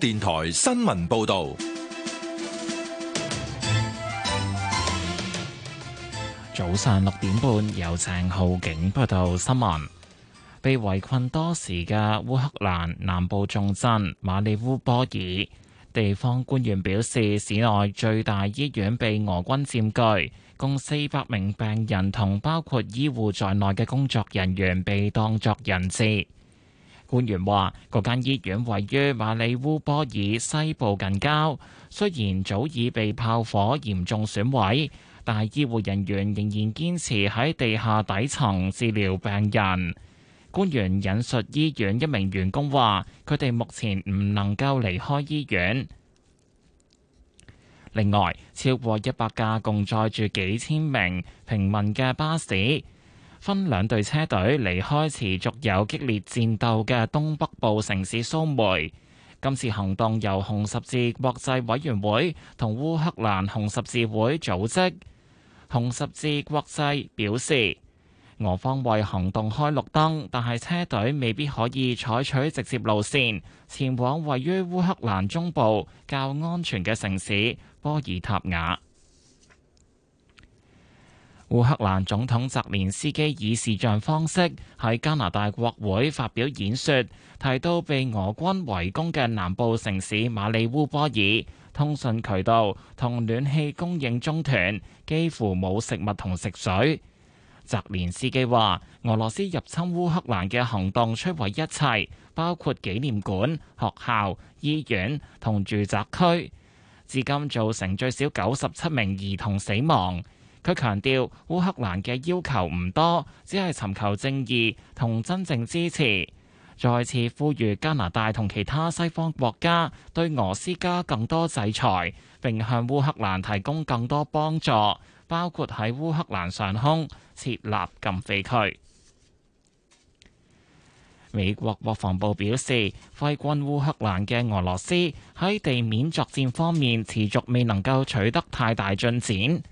電台新聞報道，早上六點半，由鄭浩景報道新聞。被圍困多時嘅烏克蘭南部重鎮馬里烏波爾，地方官員表示，市內最大醫院被俄軍佔據，共四百名病人同包括醫護在內嘅工作人員被當作人質。官員話：嗰間醫院位於馬里烏波爾西部近郊，雖然早已被炮火嚴重損毀，但係醫護人員仍然堅持喺地下底層治療病人。官員引述醫院一名員工話：佢哋目前唔能夠離開醫院。另外，超過一百架共載住幾千名平民嘅巴士。分兩隊車隊離開持續有激烈戰鬥嘅東北部城市蘇梅。今次行動由紅十字國際委員會同烏克蘭紅十字會組織。紅十字國際表示，俄方為行動開綠燈，但係車隊未必可以採取直接路線前往位於烏克蘭中部較安全嘅城市波爾塔瓦。烏克蘭總統澤連斯基以視像方式喺加拿大國會發表演說，提到被俄軍圍攻嘅南部城市馬里烏波爾，通訊渠道同暖氣供應中斷，幾乎冇食物同食水。澤連斯基話，俄羅斯入侵烏克蘭嘅行動摧毀一切，包括紀念館、學校、醫院同住宅區，至今造成最少九十七名兒童死亡。佢強調，烏克蘭嘅要求唔多，只係尋求正義同真正支持。再次呼籲加拿大同其他西方國家對俄施加更多制裁，並向烏克蘭提供更多幫助，包括喺烏克蘭上空設立禁飛區。美國國防部表示，揮軍烏克蘭嘅俄羅斯喺地面作戰方面持續未能夠取得太大進展。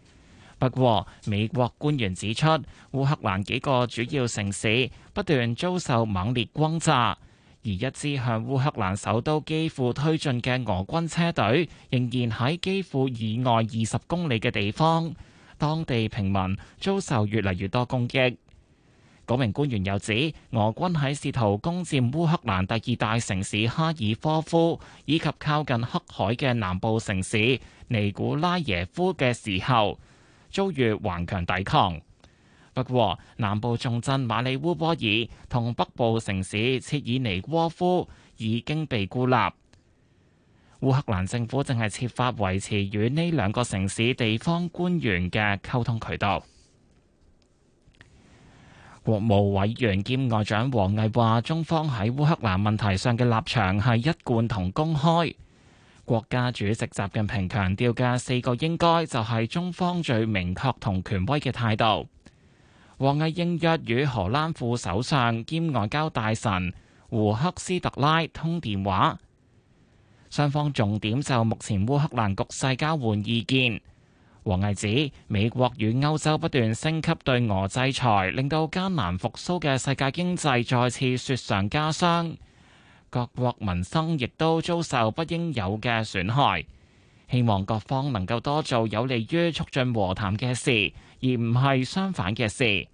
不過，美國官員指出，烏克蘭幾個主要城市不斷遭受猛烈轟炸，而一支向烏克蘭首都基輔推進嘅俄軍車隊仍然喺基輔以外二十公里嘅地方。當地平民遭受越嚟越多攻擊。嗰名官員又指，俄軍喺試圖攻佔烏克蘭第二大城市哈爾科夫以及靠近黑海嘅南部城市尼古拉耶夫嘅時候，遭遇頑強抵抗，不過南部重鎮馬里烏波爾同北部城市切爾尼戈夫已經被孤立。烏克蘭政府正係設法維持與呢兩個城市地方官員嘅溝通渠道。國務委員兼外長王毅話，中方喺烏克蘭問題上嘅立場係一貫同公開。國家主席習近平強調嘅四個應該，就係中方最明確同權威嘅態度。王毅應約與荷蘭副首相兼外交大臣胡克斯特拉通電話，雙方重點就目前烏克蘭局勢交換意見。王毅指，美國與歐洲不斷升級對俄制裁，令到艱難復甦嘅世界經濟再次雪上加霜。各國民生亦都遭受不應有嘅損害，希望各方能夠多做有利於促進和談嘅事，而唔係相反嘅事。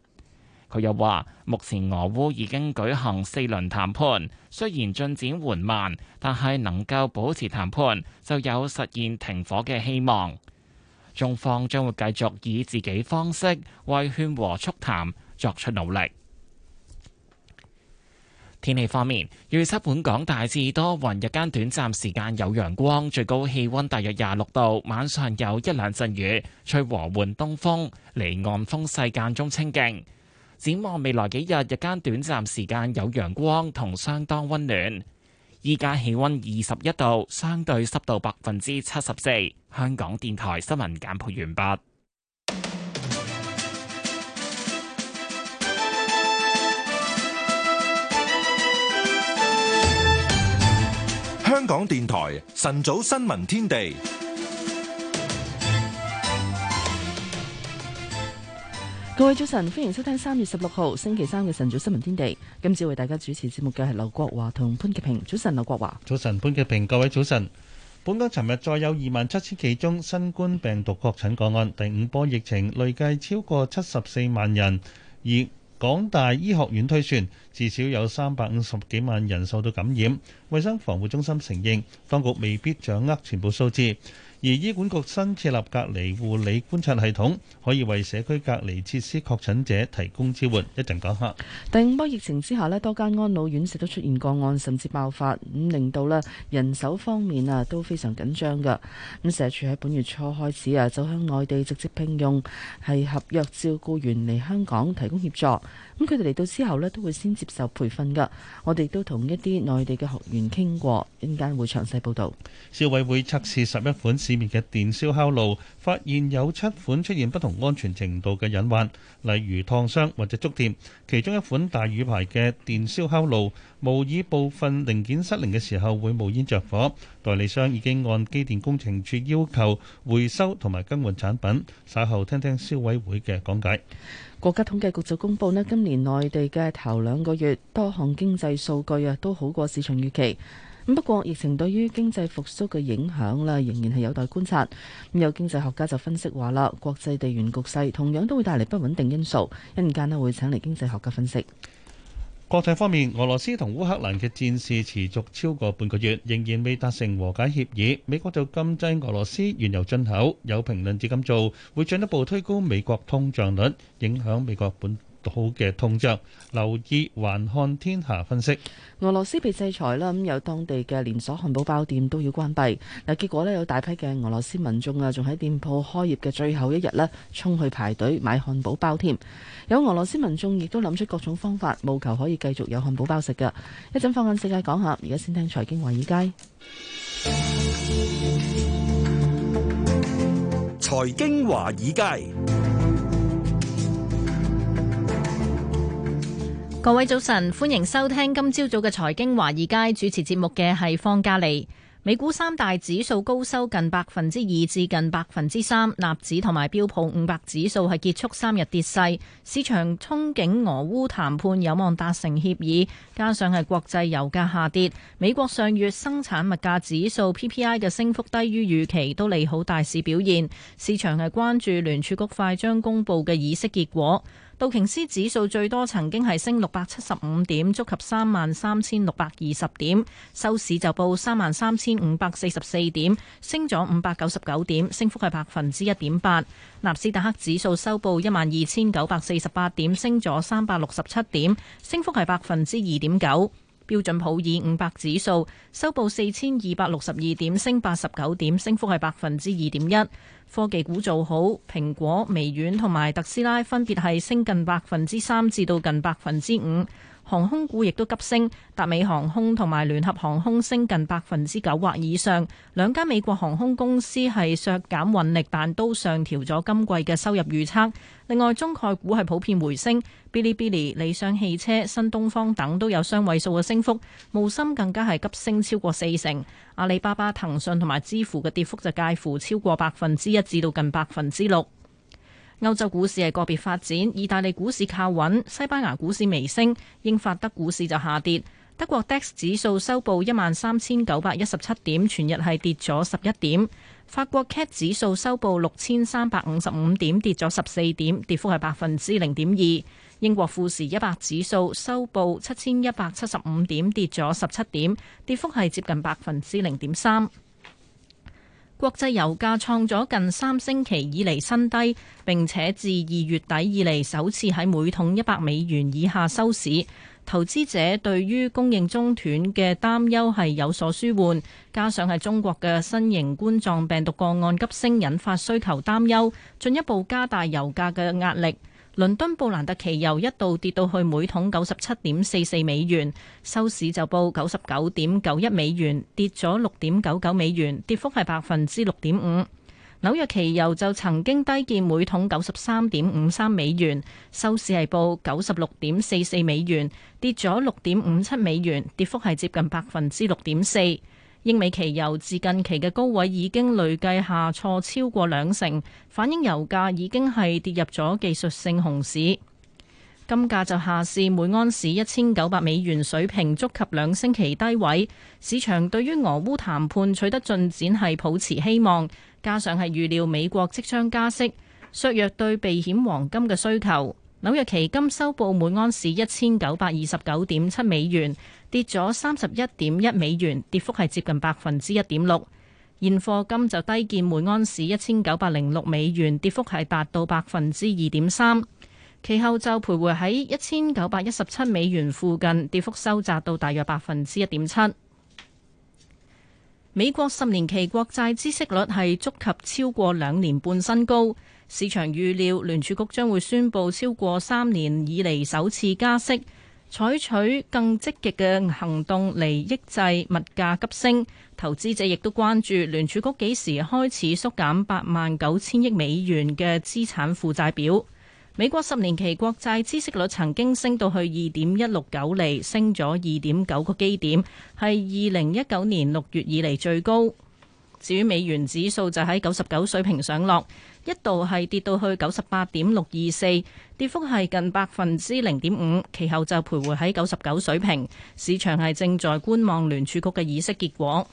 佢又話，目前俄烏已經舉行四輪談判，雖然進展緩慢，但係能夠保持談判就有實現停火嘅希望。中方將會繼續以自己方式為勸和促談作出努力。天氣方面，預測本港大致多雲，日間短暫時間有陽光，最高氣溫大約廿六度，晚上有一兩陣雨，吹和緩東風，離岸風勢間中清勁。展望未來幾日，日間短暫時間有陽光同相當溫暖。依家氣溫二十一度，相對濕度百分之七十四。香港電台新聞簡報完畢。香港電台晨早新聞天地，各位早晨，歡迎收聽三月十六號星期三嘅晨早新聞天地。今次為大家主持節目嘅係劉國華同潘潔平。早晨，劉國華。早晨，潘潔平。各位早晨。本港尋日再有二萬七千幾宗新冠病毒確診個案，第五波疫情累計超過七十四萬人。而港大醫學院推算，至少有三百五十幾萬人受到感染。衛生防護中心承認，當局未必掌握全部數字。而醫管局新設立隔離護理觀察系統，可以為社區隔離設施確診者提供支援。一陣講下第五波疫情之下咧，多間安老院舍都出現個案，甚至爆發，咁令到咧人手方面啊都非常緊張嘅。咁社署喺本月初開始啊，就向內地直接聘用係合約照顧員嚟香港提供協助。咁佢哋嚟到之後咧，都會先接受培訓嘅。我哋都同一啲內地嘅學員傾過，一陣間會,會詳細報導。消委會測試十一款試。裡面嘅電燒烤爐發現有七款出現不同安全程度嘅隱患，例如燙傷或者觸電。其中一款大宇牌嘅電燒烤爐，模擬部分零件失靈嘅時候會冒煙着火。代理商已經按機電工程署要求回收同埋更換產品。稍後聽聽消委會嘅講解。國家統計局就公布呢，今年內地嘅頭兩個月多項經濟數據啊，都好過市場預期。不過，疫情對於經濟復甦嘅影響啦，仍然係有待觀察。咁有經濟學家就分析話啦，國際地緣局勢同樣都會帶嚟不穩定因素。一陣間咧，會請嚟經濟學家分析。國際方面，俄羅斯同烏克蘭嘅戰事持續超過半個月，仍然未達成和解協議。美國就禁制俄羅斯原油進口。有評論指咁做會進一步推高美國通脹率，影響美國本。好嘅通脹，留意環看天下分析。俄羅斯被制裁啦，咁有當地嘅連鎖漢堡包店都要關閉。嗱，結果呢，有大批嘅俄羅斯民眾啊，仲喺店鋪開業嘅最後一日呢，衝去排隊買漢堡包添。有俄羅斯民眾亦都諗出各種方法，務求可以繼續有漢堡包食㗎。一陣放眼世界講下，而家先聽財經華爾街。財經華爾街。各位早晨，歡迎收聽今朝早嘅財經華爾街，主持節目嘅係方嘉利。美股三大指數高收近百分之二至近百分之三，納指同埋標普五百指數係結束三日跌勢。市場憧憬俄烏談判有望達成協議，加上係國際油價下跌，美國上月生產物價指數 PPI 嘅升幅低於預期，都利好大市表現。市場係關注聯儲局快將公布嘅議息結果。道瓊斯指數最多曾經係升六百七十五點，觸及三萬三千六百二十點，收市就報三萬三千五百四十四點，升咗五百九十九點，升幅係百分之一點八。納斯達克指數收報一萬二千九百四十八點，升咗三百六十七點，升幅係百分之二點九。標準普爾五百指數收報四千二百六十二點，升八十九點，升幅係百分之二點一。科技股做好，蘋果、微軟同埋特斯拉分別係升近百分之三至到近百分之五。航空股亦都急升，達美航空同埋聯合航空升近百分之九或以上，兩家美國航空公司係削減運力，但都上調咗今季嘅收入預測。另外，中概股係普遍回升，嗶哩嗶哩、理想汽車、新東方等都有雙位數嘅升幅，滬深更加係急升超過四成。阿里巴巴、騰訊同埋支付嘅跌幅就介乎超過百分之一至到近百分之六。歐洲股市係個別發展，意大利股市靠穩，西班牙股市微升，英法德股市就下跌。德國 DAX 指數收報一萬三千九百一十七點，全日係跌咗十一點。法國 CAC 指數收報六千三百五十五點，跌咗十四點，跌幅係百分之零點二。英國富時一百指數收報七千一百七十五點，跌咗十七點，跌幅係接近百分之零點三。國際油價創咗近三星期以嚟新低，並且自二月底以嚟首次喺每桶一百美元以下收市。投資者對於供應中斷嘅擔憂係有所舒緩，加上係中國嘅新型冠狀病毒個案急升，引發需求擔憂，進一步加大油價嘅壓力。倫敦布蘭特期油一度跌到去每桶九十七點四四美元，收市就報九十九點九一美元，跌咗六點九九美元，跌幅係百分之六點五。紐約期油就曾經低見每桶九十三點五三美元，收市係報九十六點四四美元，跌咗六點五七美元，跌幅係接近百分之六點四。英美期油自近期嘅高位已經累計下挫超過兩成，反映油價已經係跌入咗技術性熊市。金價就下試每盎司一千九百美元水平，觸及兩星期低位。市場對於俄烏談判取得進展係抱持希望，加上係預料美國即將加息，削弱對避險黃金嘅需求。紐約期金收報每盎司一千九百二十九點七美元，跌咗三十一點一美元，跌幅係接近百分之一點六。現貨金就低見每安士一千九百零六美元，跌幅係達到百分之二點三。其後就徘徊喺一千九百一十七美元附近，跌幅收窄到大約百分之一點七。美國十年期國債孳息率係觸及超過兩年半新高，市場預料聯儲局將會宣布超過三年以嚟首次加息，採取更積極嘅行動嚟抑制物價急升，投資者亦都關注聯儲局幾時開始縮減八萬九千億美元嘅資產負債表。美國十年期國債孳息率曾經升到去二點一六九厘，升咗二點九個基點，係二零一九年六月以嚟最高。至於美元指數就喺九十九水平上落，一度係跌到去九十八點六二四，跌幅係近百分之零點五，其後就徘徊喺九十九水平。市場係正在觀望聯儲局嘅議息結果。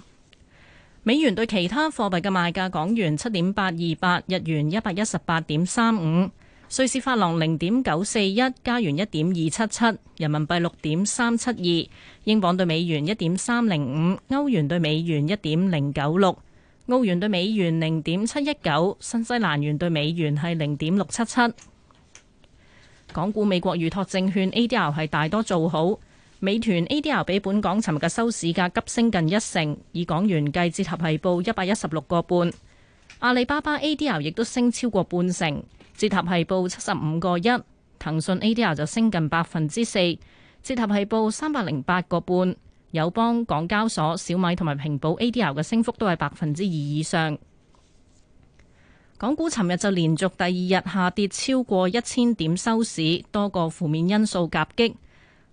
美元對其他貨幣嘅賣價：港元七點八二八，日元一百一十八點三五，瑞士法郎零點九四一，加元一點二七七，人民幣六點三七二，英鎊對美元一點三零五，歐元對美元一點零九六。澳元對美元零點七一九，新西蘭元對美元係零點六七七。港股美國預託證券 ADR 係大多做好，美團 ADR 比本港尋日嘅收市價急升近一成，以港元計，折合係報一百一十六個半。阿里巴巴 ADR 亦都升超過半成，折合係報七十五個一。騰訊 ADR 就升近百分之四，折合係報三百零八個半。友邦、港交所、小米同埋平保 ADR 嘅升幅都係百分之二以上。港股尋日就連續第二日下跌超過一千點收市，多個負面因素夾擊，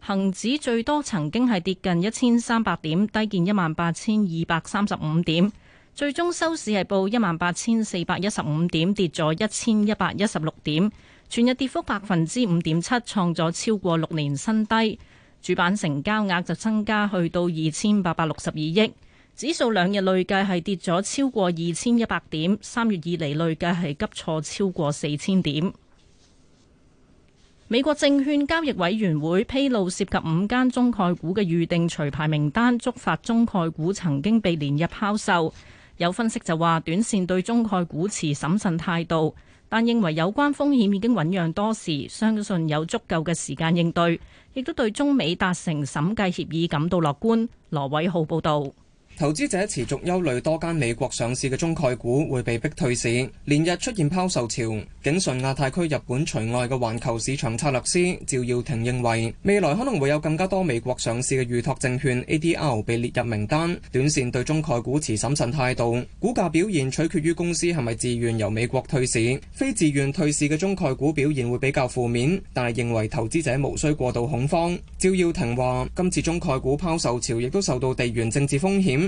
恒指最多曾經係跌近一千三百點，低見一萬八千二百三十五點，最終收市係報一萬八千四百一十五點，跌咗一千一百一十六點，全日跌幅百分之五點七，創咗超過六年新低。主板成交額就增加去到二千八百六十二億，指數兩日累計係跌咗超過二千一百點，三月以嚟累計係急挫超過四千點。美國證券交易委員會披露涉及五間中概股嘅預定除牌名單，觸發中概股曾經被連日拋售。有分析就話，短線對中概股持審慎態度。但認為有關風險已經醞釀多時，相信有足夠嘅時間應對，亦都對中美達成審計協議感到樂觀。羅偉浩報導。投資者持續憂慮多間美國上市嘅中概股會被逼退市，連日出現拋售潮。景順亞太區日本除外嘅環球市場策略師趙耀廷認為，未來可能會有更加多美國上市嘅預託證券 ADR 被列入名單，短線對中概股持審慎態度。股價表現取決於公司係咪自願由美國退市，非自願退市嘅中概股表現會比較負面，但係認為投資者無需過度恐慌。趙耀廷話：今次中概股拋售潮亦都受到地緣政治風險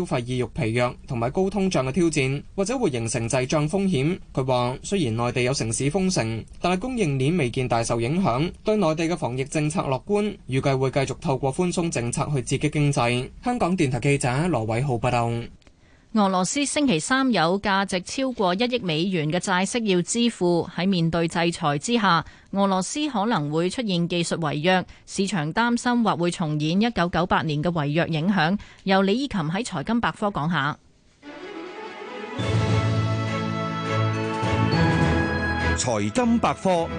消費意欲疲弱，同埋高通脹嘅挑戰，或者會形成滯脹風險。佢話雖然內地有城市封城，但係供應鏈未見大受影響，對內地嘅防疫政策樂觀，預計會繼續透過寬鬆政策去刺激經濟。香港電台記者羅偉浩報道。俄羅斯星期三有價值超過一億美元嘅債息要支付，喺面對制裁之下，俄羅斯可能會出現技術違約，市場擔心或會重演一九九八年嘅違約影響。由李依琴喺財金百科講下。財金百科，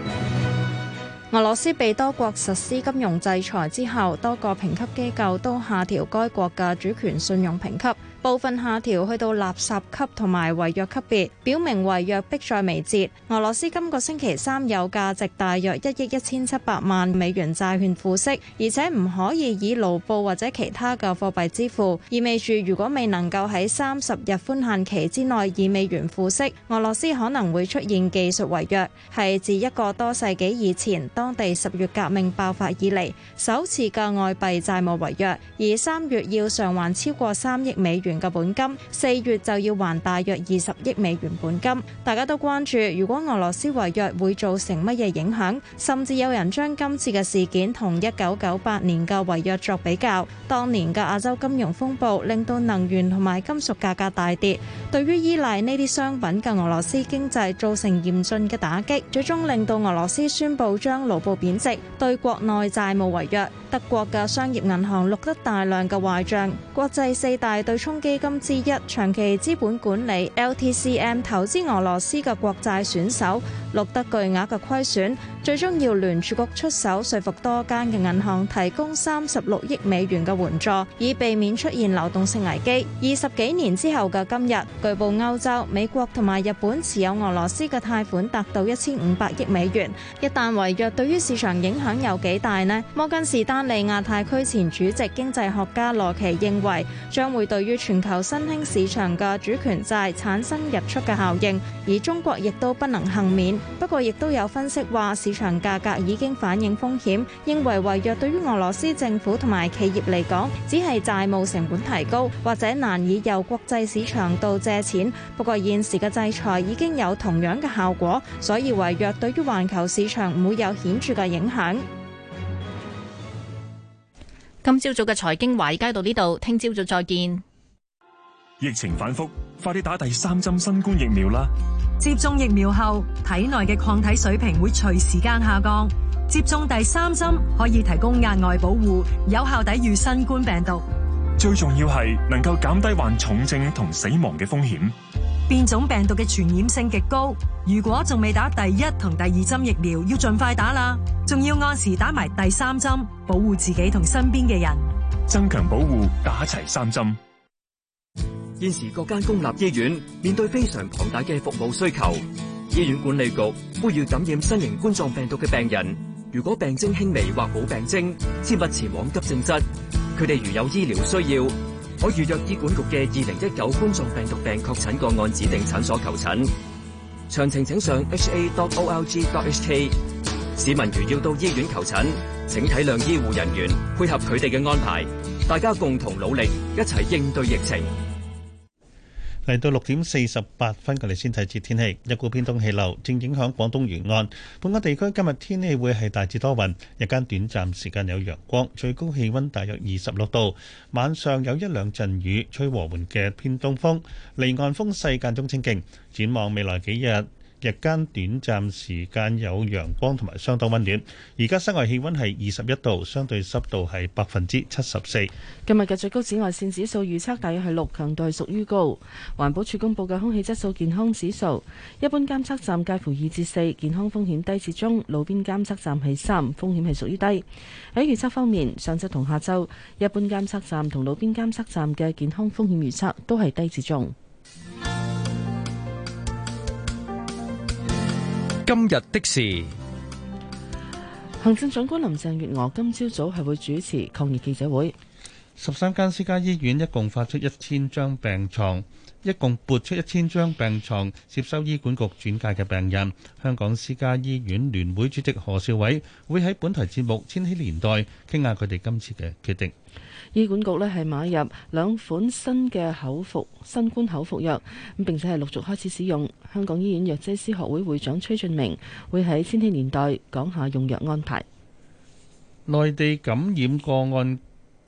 俄羅斯被多國實施金融制裁之後，多個評級機構都下調該國嘅主權信用評級。部分下調去到垃圾級同埋違約級別，表明違約迫在眉睫。俄羅斯今個星期三有價值大約一億一千七百萬美元債券付息，而且唔可以以盧布或者其他嘅貨幣支付，意味住如果未能夠喺三十日寬限期之內以美元付息，俄羅斯可能會出現技術違約，係自一個多世紀以前當地十月革命爆發以嚟首次嘅外幣債務違約，而三月要償還超過三億美元嘅本金，四月就要還大約二十億美元本金，大家都關注如果俄羅斯違約會造成乜嘢影響，甚至有人將今次嘅事件同一九九八年嘅違約作比較。當年嘅亞洲金融風暴令到能源同埋金屬價格大跌，對於依賴呢啲商品嘅俄羅斯經濟造成嚴峻嘅打擊，最終令到俄羅斯宣布將盧布貶值，對國內債務違約。德國嘅商業銀行錄得大量嘅壞賬，國際四大對沖。基金之一，長期資本管理 （LTCM） 投資俄羅斯嘅國債選手，錄得巨額嘅虧損。最終要聯儲局出手，說服多間嘅銀行提供三十六億美元嘅援助，以避免出現流動性危機。二十幾年之後嘅今日，據報歐洲、美國同埋日本持有俄羅斯嘅貸款達到一千五百億美元。一旦違約，對於市場影響有幾大呢？摩根士丹利亞太區前主席經濟學家羅奇認為，將會對於全球新興市場嘅主權債產生溢出嘅效應，而中國亦都不能倖免。不過，亦都有分析話市場價格已經反映風險，認為違約對於俄羅斯政府同埋企業嚟講，只係債務成本提高或者難以由國際市場度借錢。不過現時嘅制裁已經有同樣嘅效果，所以違約對於環球市場唔會有顯著嘅影響。今朝早嘅財經華爾街到呢度，聽朝早再見。疫情反覆，快啲打第三針新冠疫苗啦！接種疫苗後，體內嘅抗體水平會隨時間下降。接種第三針可以提供額外保護，有效抵禦新冠病毒。最重要係能夠減低患重症同死亡嘅風險。變種病毒嘅傳染性極高，如果仲未打第一同第二針疫苗，要盡快打啦。仲要按時打埋第三針，保護自己同身邊嘅人。增強保護，打齊三針。現時各間公立醫院面對非常龐大嘅服務需求，醫院管理局呼籲感染新型冠狀病毒嘅病人，如果病徵輕微或冇病徵，切勿前往急症室。佢哋如有醫療需要，可預約醫管局嘅二零一九冠狀病毒病確診個案指定診所求診。詳情請上 ha.org.hk。市民如要到醫院求診，請體諒醫護人員，配合佢哋嘅安排，大家共同努力，一齊應對疫情。嚟到六點四十八分，我哋先睇次天氣。一股偏東氣流正影響廣東沿岸，本港地區今日天氣會係大致多雲，日間短暫時間有陽光，最高氣温大約二十六度。晚上有一兩陣雨，吹和緩嘅偏東風，離岸風勢間中清勁。展望未來幾日，日間短暫時間有陽光同埋相當温暖，而家室外氣温係二十一度，相對濕度係百分之七十四。今日嘅最高紫外線指數預測大約係六，強度係屬於高。環保署公佈嘅空氣質素健康指數，一般監測站介乎二至四，健康風險低至中；路邊監測站係三，風險係屬於低。喺預測方面，上晝同下晝，一般監測站同路邊監測站嘅健康風險預測都係低至中。今日的事，行政長官林鄭月娥今朝早係會主持抗疫記者會。十三間私家醫院一共發出一千張病床，一共撥出一千張病床接收醫管局轉介嘅病人。香港私家醫院聯會主席何少偉會喺本台節目《千禧年代》傾下佢哋今次嘅決定。醫管局呢係買入兩款新嘅口服新冠口服藥，咁並且係陸續開始使用。香港醫院藥劑師學會會長崔俊明會喺《千禧年代》講下用藥安排。內地感染個案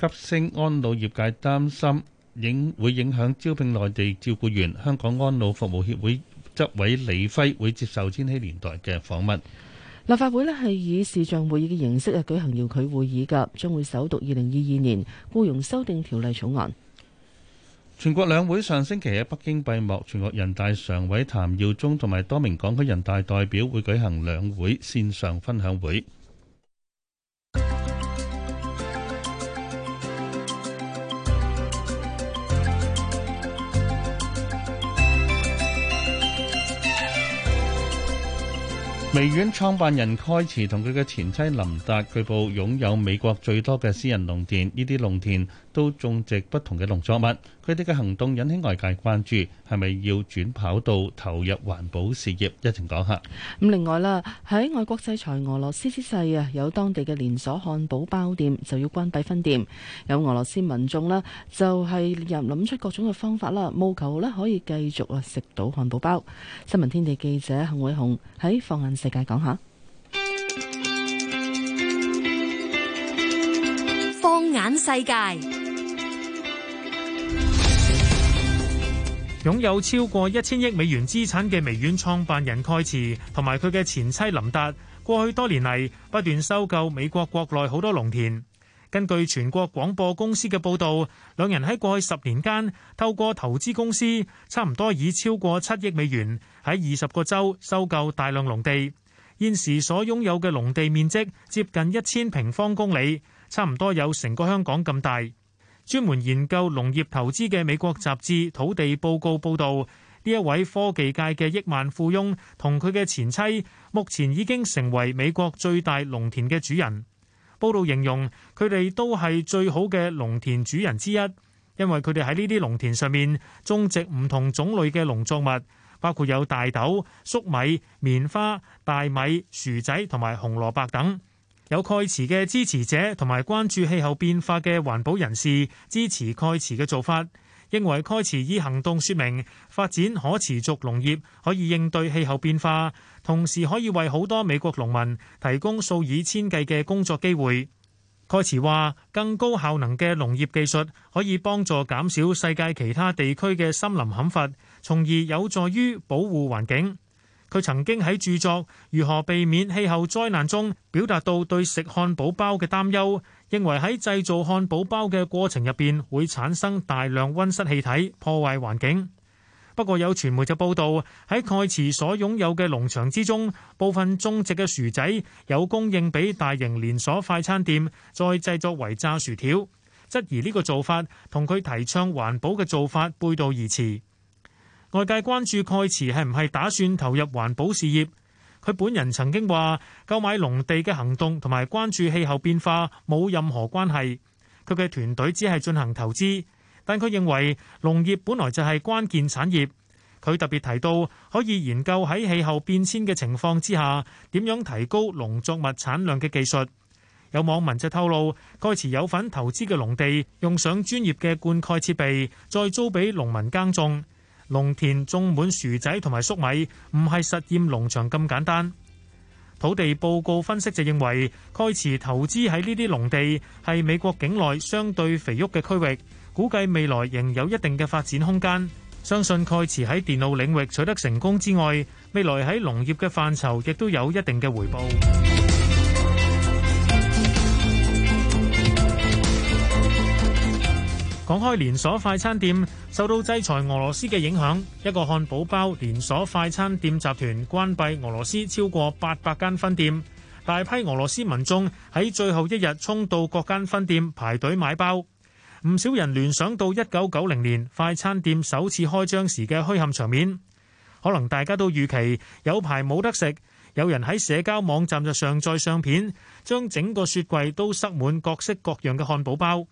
急升，安老業界擔心影會影響招聘內地照顧員。香港安老服務協會執委李輝會接受《千禧年代》嘅訪問。立法會咧係以視像會議嘅形式啊舉行遙距會議噶，將會首讀二零二二年雇傭修訂條例草案。全國兩會上星期喺北京閉幕，全國人大常委譚耀宗同埋多名港區人大代表會舉行兩會線上分享會。微軟創辦人蓋茨同佢嘅前妻林達，據報擁有美國最多嘅私人農田，呢啲農田，都種植不同嘅農作物，佢哋嘅行動引起外界關注，係咪要轉跑道投入環保事業？一齊講下。咁另外啦，喺外國制裁俄羅斯之際啊，有當地嘅連鎖漢堡包店就要關閉分店，有俄羅斯民眾咧就係又諗出各種嘅方法啦，務求咧可以繼續啊食到漢堡包。新聞天地記者幸偉雄喺放眼世界講下。放眼世界。擁有超過一千億美元資產嘅微軟創辦人蓋茨同埋佢嘅前妻林達，過去多年嚟不斷收購美國國內好多農田。根據全國廣播公司嘅報導，兩人喺過去十年間透過投資公司，差唔多以超過七億美元喺二十個州收購大量農地。現時所擁有嘅農地面積接近一千平方公里，差唔多有成個香港咁大。專門研究農業投資嘅美國雜誌《土地報告》報導，呢一位科技界嘅億萬富翁同佢嘅前妻，目前已經成為美國最大農田嘅主人。報導形容，佢哋都係最好嘅農田主人之一，因為佢哋喺呢啲農田上面種植唔同種類嘅農作物，包括有大豆、粟米、棉花、大米、薯仔同埋紅蘿蔔等。有蓋茨嘅支持者同埋關注氣候變化嘅環保人士支持蓋茨嘅做法，認為蓋茨以行動說明發展可持續農業可以應對氣候變化，同時可以為好多美國農民提供數以千計嘅工作機會。蓋茨話：更高效能嘅農業技術可以幫助減少世界其他地區嘅森林砍伐，從而有助於保護環境。佢曾經喺著作《如何避免氣候災難》中表達到對食漢堡包嘅擔憂，認為喺製造漢堡包嘅過程入邊會產生大量溫室氣體，破壞環境。不過有傳媒就報道喺蓋茨所擁有嘅農場之中，部分種植嘅薯仔有供應俾大型連鎖快餐店，再製作為炸薯條，質疑呢個做法同佢提倡環保嘅做法背道而馳。外界關注蓋茨係唔係打算投入環保事業？佢本人曾經話，購買農地嘅行動同埋關注氣候變化冇任何關係。佢嘅團隊只係進行投資，但佢認為農業本來就係關鍵產業。佢特別提到可以研究喺氣候變遷嘅情況之下點樣提高農作物產量嘅技術。有網民就透露，蓋茨有份投資嘅農地用上專業嘅灌溉設備，再租俾農民耕種。農田種滿薯仔同埋粟米，唔係實驗農場咁簡單。土地報告分析就認為，蓋茨投資喺呢啲農地係美國境內相對肥沃嘅區域，估計未來仍有一定嘅發展空間。相信蓋茨喺電腦領域取得成功之外，未來喺農業嘅範疇亦都有一定嘅回報。講開連鎖快餐店受到制裁俄羅斯嘅影響，一個漢堡包連鎖快餐店集團關閉俄羅斯超過八百間分店，大批俄羅斯民眾喺最後一日衝到各間分店排隊買包，唔少人聯想到一九九零年快餐店首次開張時嘅墟冚場面，可能大家都預期有排冇得食，有人喺社交網站就上載相片，將整個雪櫃都塞滿各式各樣嘅漢堡包。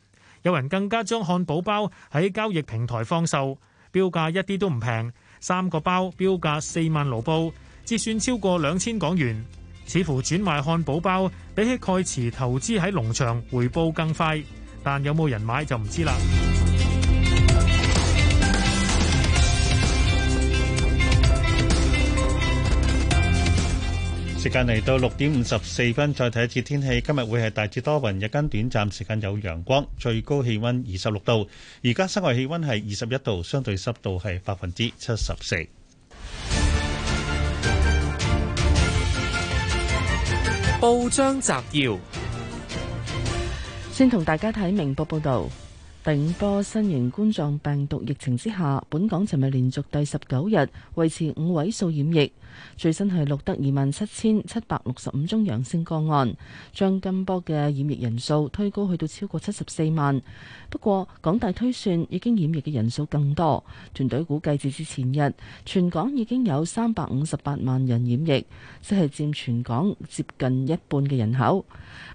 有人更加將漢堡包喺交易平台放售，標價一啲都唔平，三個包標價四萬盧布，折算超過兩千港元。似乎轉賣漢堡包比起蓋茨投資喺農場回報更快，但有冇人買就唔知啦。時間嚟到六點五十四分，再睇一次天氣。今日會係大致多雲，日間短暫時間有陽光，最高氣溫二十六度。而家室外氣溫係二十一度，相對濕度係百分之七十四。報章摘要：先同大家睇明報報道，第五波新型冠狀病毒疫情之下，本港尋日連續第十九日維持五位數染疫。最新係錄得二萬七千七百六十五宗陽性個案，將今波嘅染疫人數推高去到超過七十四萬。不過，港大推算已經染疫嘅人數更多，團隊估計截至前日，全港已經有三百五十八萬人染疫，即係佔全港接近一半嘅人口。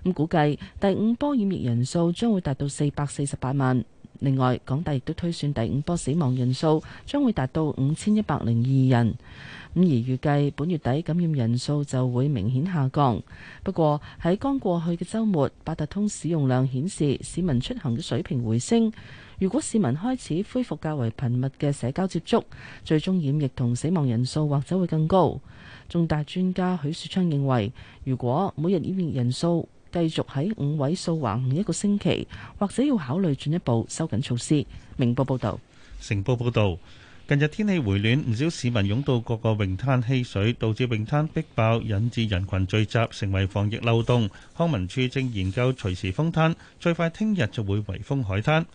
咁估計第五波染疫人數將會達到四百四十八萬。另外，港大亦都推算第五波死亡人數將會達到五千一百零二人，咁而預計本月底感染人數就會明顯下降。不過喺剛過去嘅周末，八達通使用量顯示市民出行嘅水平回升。如果市民開始恢復較為頻密嘅社交接觸，最終染疫同死亡人數或者會更高。中大專家許樹昌認為，如果每日染疫人數，繼續喺五位數橫行一個星期，或者要考慮進一步收緊措施。明報報道，成報報道，近日天氣回暖，唔少市民湧到各個泳灘嬉水，導致泳灘逼爆，引致人群聚集，成為防疫漏洞。康文署正研究隨時封灘，最快聽日就會圍封海灘。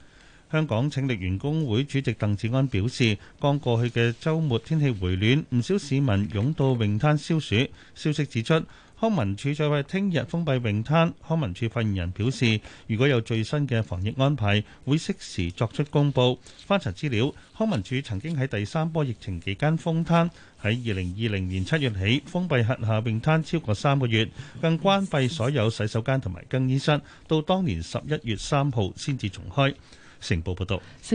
香港請力員工會主席鄧智安表示，剛過去嘅周末天氣回暖，唔少市民湧到泳灘消暑。消息指出，康文署再為聽日封閉泳灘，康文署發言人表示，如果有最新嘅防疫安排，會適時作出公布。翻查資料，康文署曾經喺第三波疫情期間封攤喺2020年7月起，封閉轄下泳灘超過三個月，更關閉所有洗手間同埋更衣室，到當年11月3號先至重開。《星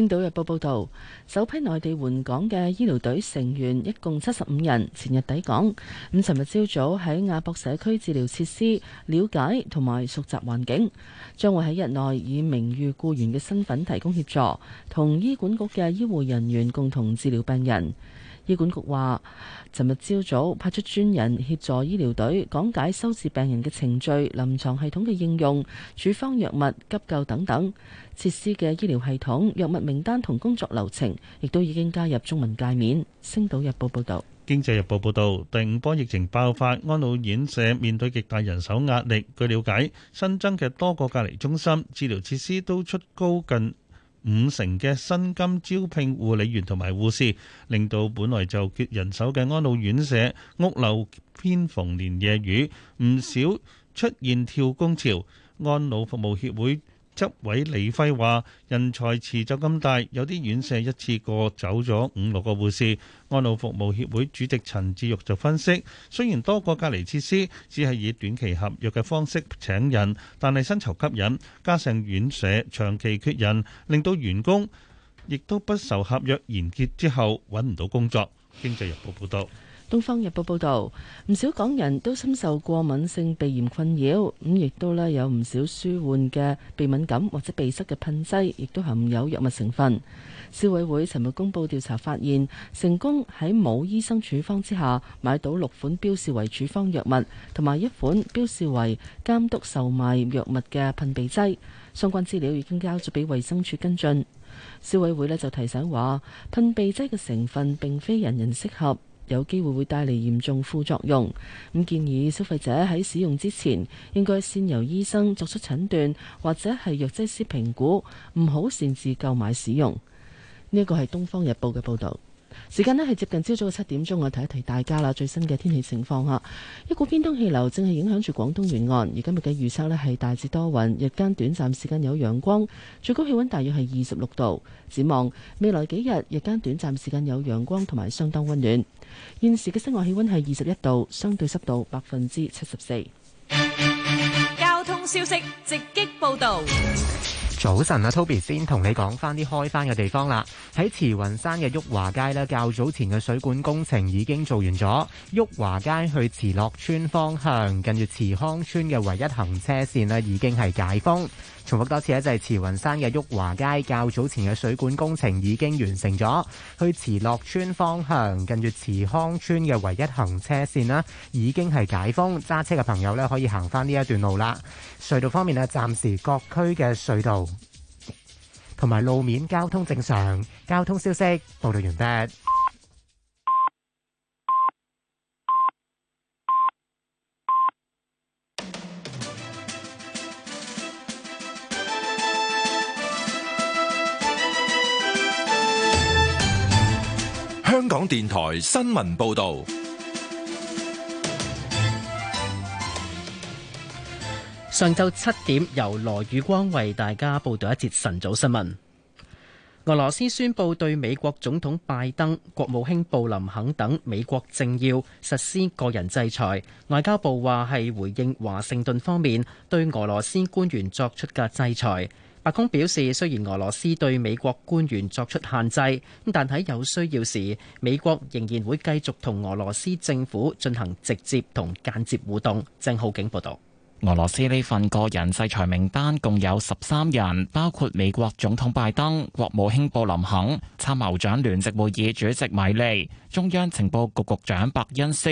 島日報》報導，首批內地援港嘅醫療隊成員一共七十五人，前日抵港。咁，尋日朝早喺亞博社區治療設施了解同埋熟習環境，將會喺日內以名譽僱員嘅身份提供協助，同醫管局嘅醫護人員共同治療病人。醫管局話，尋日朝早派出專人協助醫療隊講解收治病人嘅程序、臨床系統嘅應用、處方藥物、急救等等設施嘅醫療系統、藥物名單同工作流程，亦都已經加入中文界面。《星島日報》報道。《經濟日報》報道，第五波疫情爆發，安老院舍面對極大人手壓力。據了解，新增嘅多個隔離中心、治療設施都出高近五成嘅薪金招聘護理員同埋護士，令到本來就缺人手嘅安老院舍屋漏偏逢連夜雨，唔少出現跳工潮。安老服務協會執委李輝話：人才池就咁大，有啲院舍一次過走咗五六個護士。安老服務協會主席陳志玉就分析：雖然多個隔離設施只係以短期合約嘅方式請人，但係薪酬吸引，加上院舍長期缺人，令到員工亦都不愁合約完結之後揾唔到工作。經濟日報報道。《東方日報》報道，唔少港人都深受過敏性鼻炎困擾，咁亦都呢有唔少舒緩嘅鼻敏感或者鼻塞嘅噴劑，亦都含有藥物成分。消委會尋日公布調查發現，成功喺冇醫生處方之下買到六款標示為處方藥物，同埋一款標示為監督售賣藥物嘅噴鼻劑。相關資料已經交咗俾衛生署跟進。消委會呢就提醒話，噴鼻劑嘅成分並非人人適合。有機會會帶嚟嚴重副作用，咁建議消費者喺使用之前應該先由醫生作出診斷或者係藥劑師評估，唔好擅自購買使用。呢一個係《東方日報》嘅報導。時間呢係接近朝早嘅七點鐘，我提一提大家啦，最新嘅天氣情況吓，一股偏東氣流正係影響住廣東沿岸，而今日嘅預測呢係大致多雲，日間短暫時間有陽光，最高氣溫大約係二十六度。展望未來幾日，日間短暫時間有陽光同埋相當溫暖。現時嘅室外氣溫係二十一度，相對濕度百分之七十四。交通消息直擊報道。早晨啊，Toby 先同你講翻啲開翻嘅地方啦。喺慈雲山嘅旭華街咧，較早前嘅水管工程已經做完咗，旭華街去慈樂村方向，近住慈康村嘅唯一行車線咧，已經係解封。重複多次咧，就係慈雲山嘅旭華街較早前嘅水管工程已經完成咗。去慈樂村方向，近住慈康村嘅唯一行車線啦，已經係解封，揸車嘅朋友咧可以行翻呢一段路啦。隧道方面咧，暫時各區嘅隧道同埋路面交通正常。交通消息，報道完畢。香港電台新聞報道，上晝七點由羅宇光為大家報道一節晨早新聞。俄羅斯宣布對美國總統拜登、國務卿布林肯等美國政要實施個人制裁。外交部話係回應華盛頓方面對俄羅斯官員作出嘅制裁。白宮表示，雖然俄羅斯對美國官員作出限制，咁但喺有需要時，美國仍然會繼續同俄羅斯政府進行直接同間接互動。鄭浩景報道。俄羅斯呢份個人制裁名單共有十三人，包括美國總統拜登、國務卿布林肯、參謀長聯席會議主席米利、中央情報局局長伯恩斯、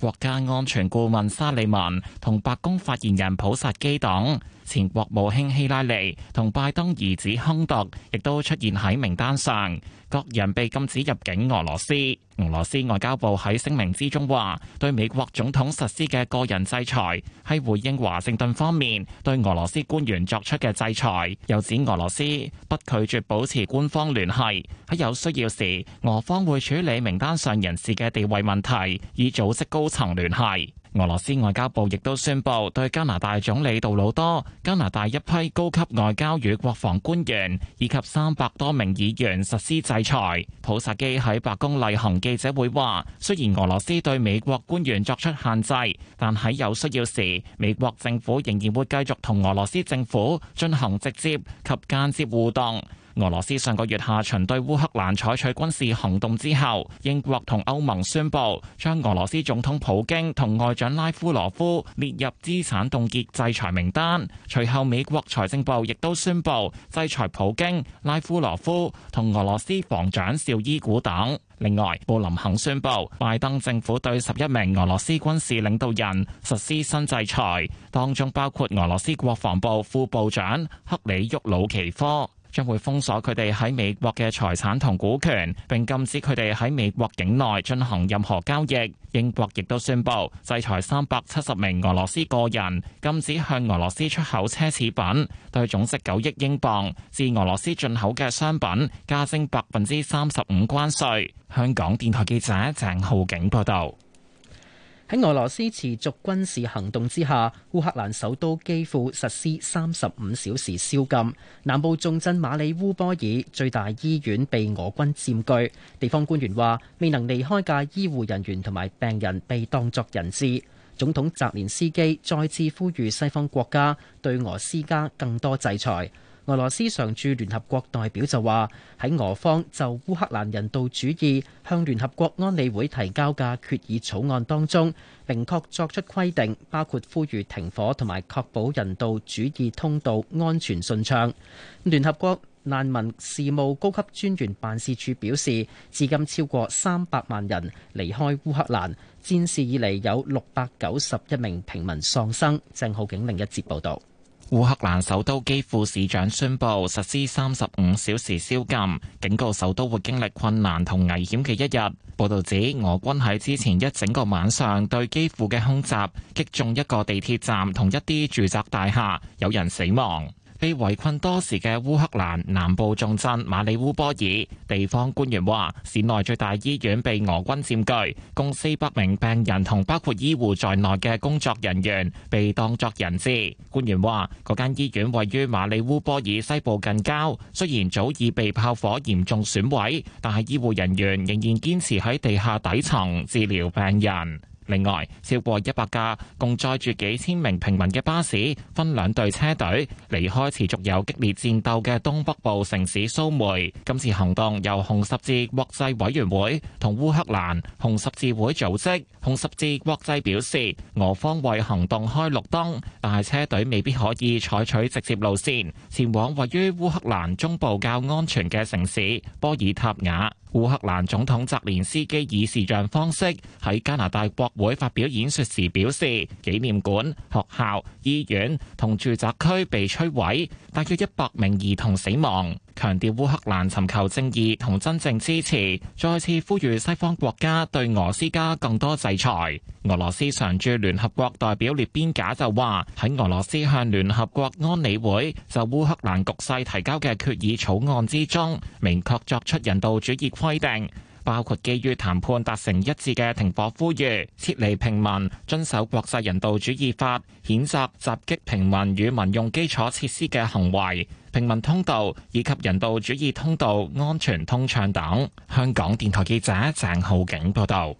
國家安全顧問沙利文同白宮發言人普薩基等。前國務卿希拉里同拜登兒子亨特亦都出現喺名單上，各人被禁止入境俄羅斯。俄羅斯外交部喺聲明之中話，對美國總統實施嘅個人制裁係回應華盛頓方面對俄羅斯官員作出嘅制裁。又指俄羅斯不拒絕保持官方聯繫，喺有需要時，俄方會處理名單上人士嘅地位問題，以組織高層聯繫。俄羅斯外交部亦都宣布對加拿大總理杜魯多、加拿大一批高級外交與國防官員以及三百多名議員實施制裁。普薩基喺白宮例行。記者會話，雖然俄羅斯對美國官員作出限制，但喺有需要時，美國政府仍然會繼續同俄羅斯政府進行直接及間接互動。俄羅斯上個月下旬對烏克蘭採取軍事行動之後，英國同歐盟宣布將俄羅斯總統普京同外長拉夫羅夫列入資產凍結制裁名單。隨後，美國財政部亦都宣布制裁普京、拉夫羅夫同俄羅斯防長紹伊古等。另外，布林肯宣布拜登政府對十一名俄羅斯軍事領導人實施新制裁，當中包括俄羅斯國防部副部長克里沃魯奇科。將會封鎖佢哋喺美國嘅財產同股權，並禁止佢哋喺美國境內進行任何交易。英國亦都宣佈制裁三百七十名俄羅斯個人，禁止向俄羅斯出口奢侈品，對總值九億英鎊自俄羅斯進口嘅商品加徵百分之三十五關稅。香港電台記者鄭浩景報道。喺俄羅斯持續軍事行動之下，烏克蘭首都基輔實施三十五小時宵禁。南部重鎮馬里烏波爾最大醫院被俄軍佔據，地方官員話未能離開嘅醫護人員同埋病人被當作人質。總統澤連斯基再次呼籲西方國家對俄施加更多制裁。俄羅斯常駐聯合國代表就話：喺俄方就烏克蘭人道主義向聯合國安理會提交嘅決議草案當中，明確作出規定，包括呼籲停火同埋確保人道主義通道安全順暢。聯合國難民事務高級專員辦事處表示，至今超過三百萬人離開烏克蘭，戰事以嚟有六百九十一名平民喪生。正浩景另一節報導。烏克蘭首都基輔市長宣佈實施三十五小時宵禁，警告首都會經歷困難同危險嘅一日。報道指，俄軍喺之前一整個晚上對基輔嘅空襲擊中一個地鐵站同一啲住宅大廈，有人死亡。被圍困多時嘅烏克蘭南部重鎮馬里烏波爾，地方官員話，市內最大醫院被俄軍佔據，共四百名病人同包括醫護在內嘅工作人員被當作人質。官員話，嗰間醫院位於馬里烏波爾西部近郊，雖然早已被炮火嚴重損毀，但係醫護人員仍然堅持喺地下底層治療病人。另外，超過一百架共載住幾千名平民嘅巴士，分兩隊車隊離開持續有激烈戰鬥嘅東北部城市蘇梅。今次行動由紅十字國際委員會同烏克蘭紅十字會組織。紅十字國際表示，俄方為行動開綠燈，但係車隊未必可以採取直接路線前往位於烏克蘭中部較安全嘅城市波爾塔瓦。烏克蘭總統澤連斯基以視像方式喺加拿大國會發表演說時表示，紀念館、學校、醫院同住宅區被摧毀，大約一百名兒童死亡。強調烏克蘭尋求正義同真正支持，再次呼籲西方國家對俄斯加更多制裁。俄羅斯常駐聯合國代表列邊賈就話：喺俄羅斯向聯合國安理會就烏克蘭局勢提交嘅決議草案之中，明確作出人道主義規定。包括基於談判達成一致嘅停火呼籲、撤離平民、遵守國際人道主義法、譴責襲擊平民與民用基礎設施嘅行為、平民通道以及人道主義通道安全通暢等。香港電台記者鄭浩景報道。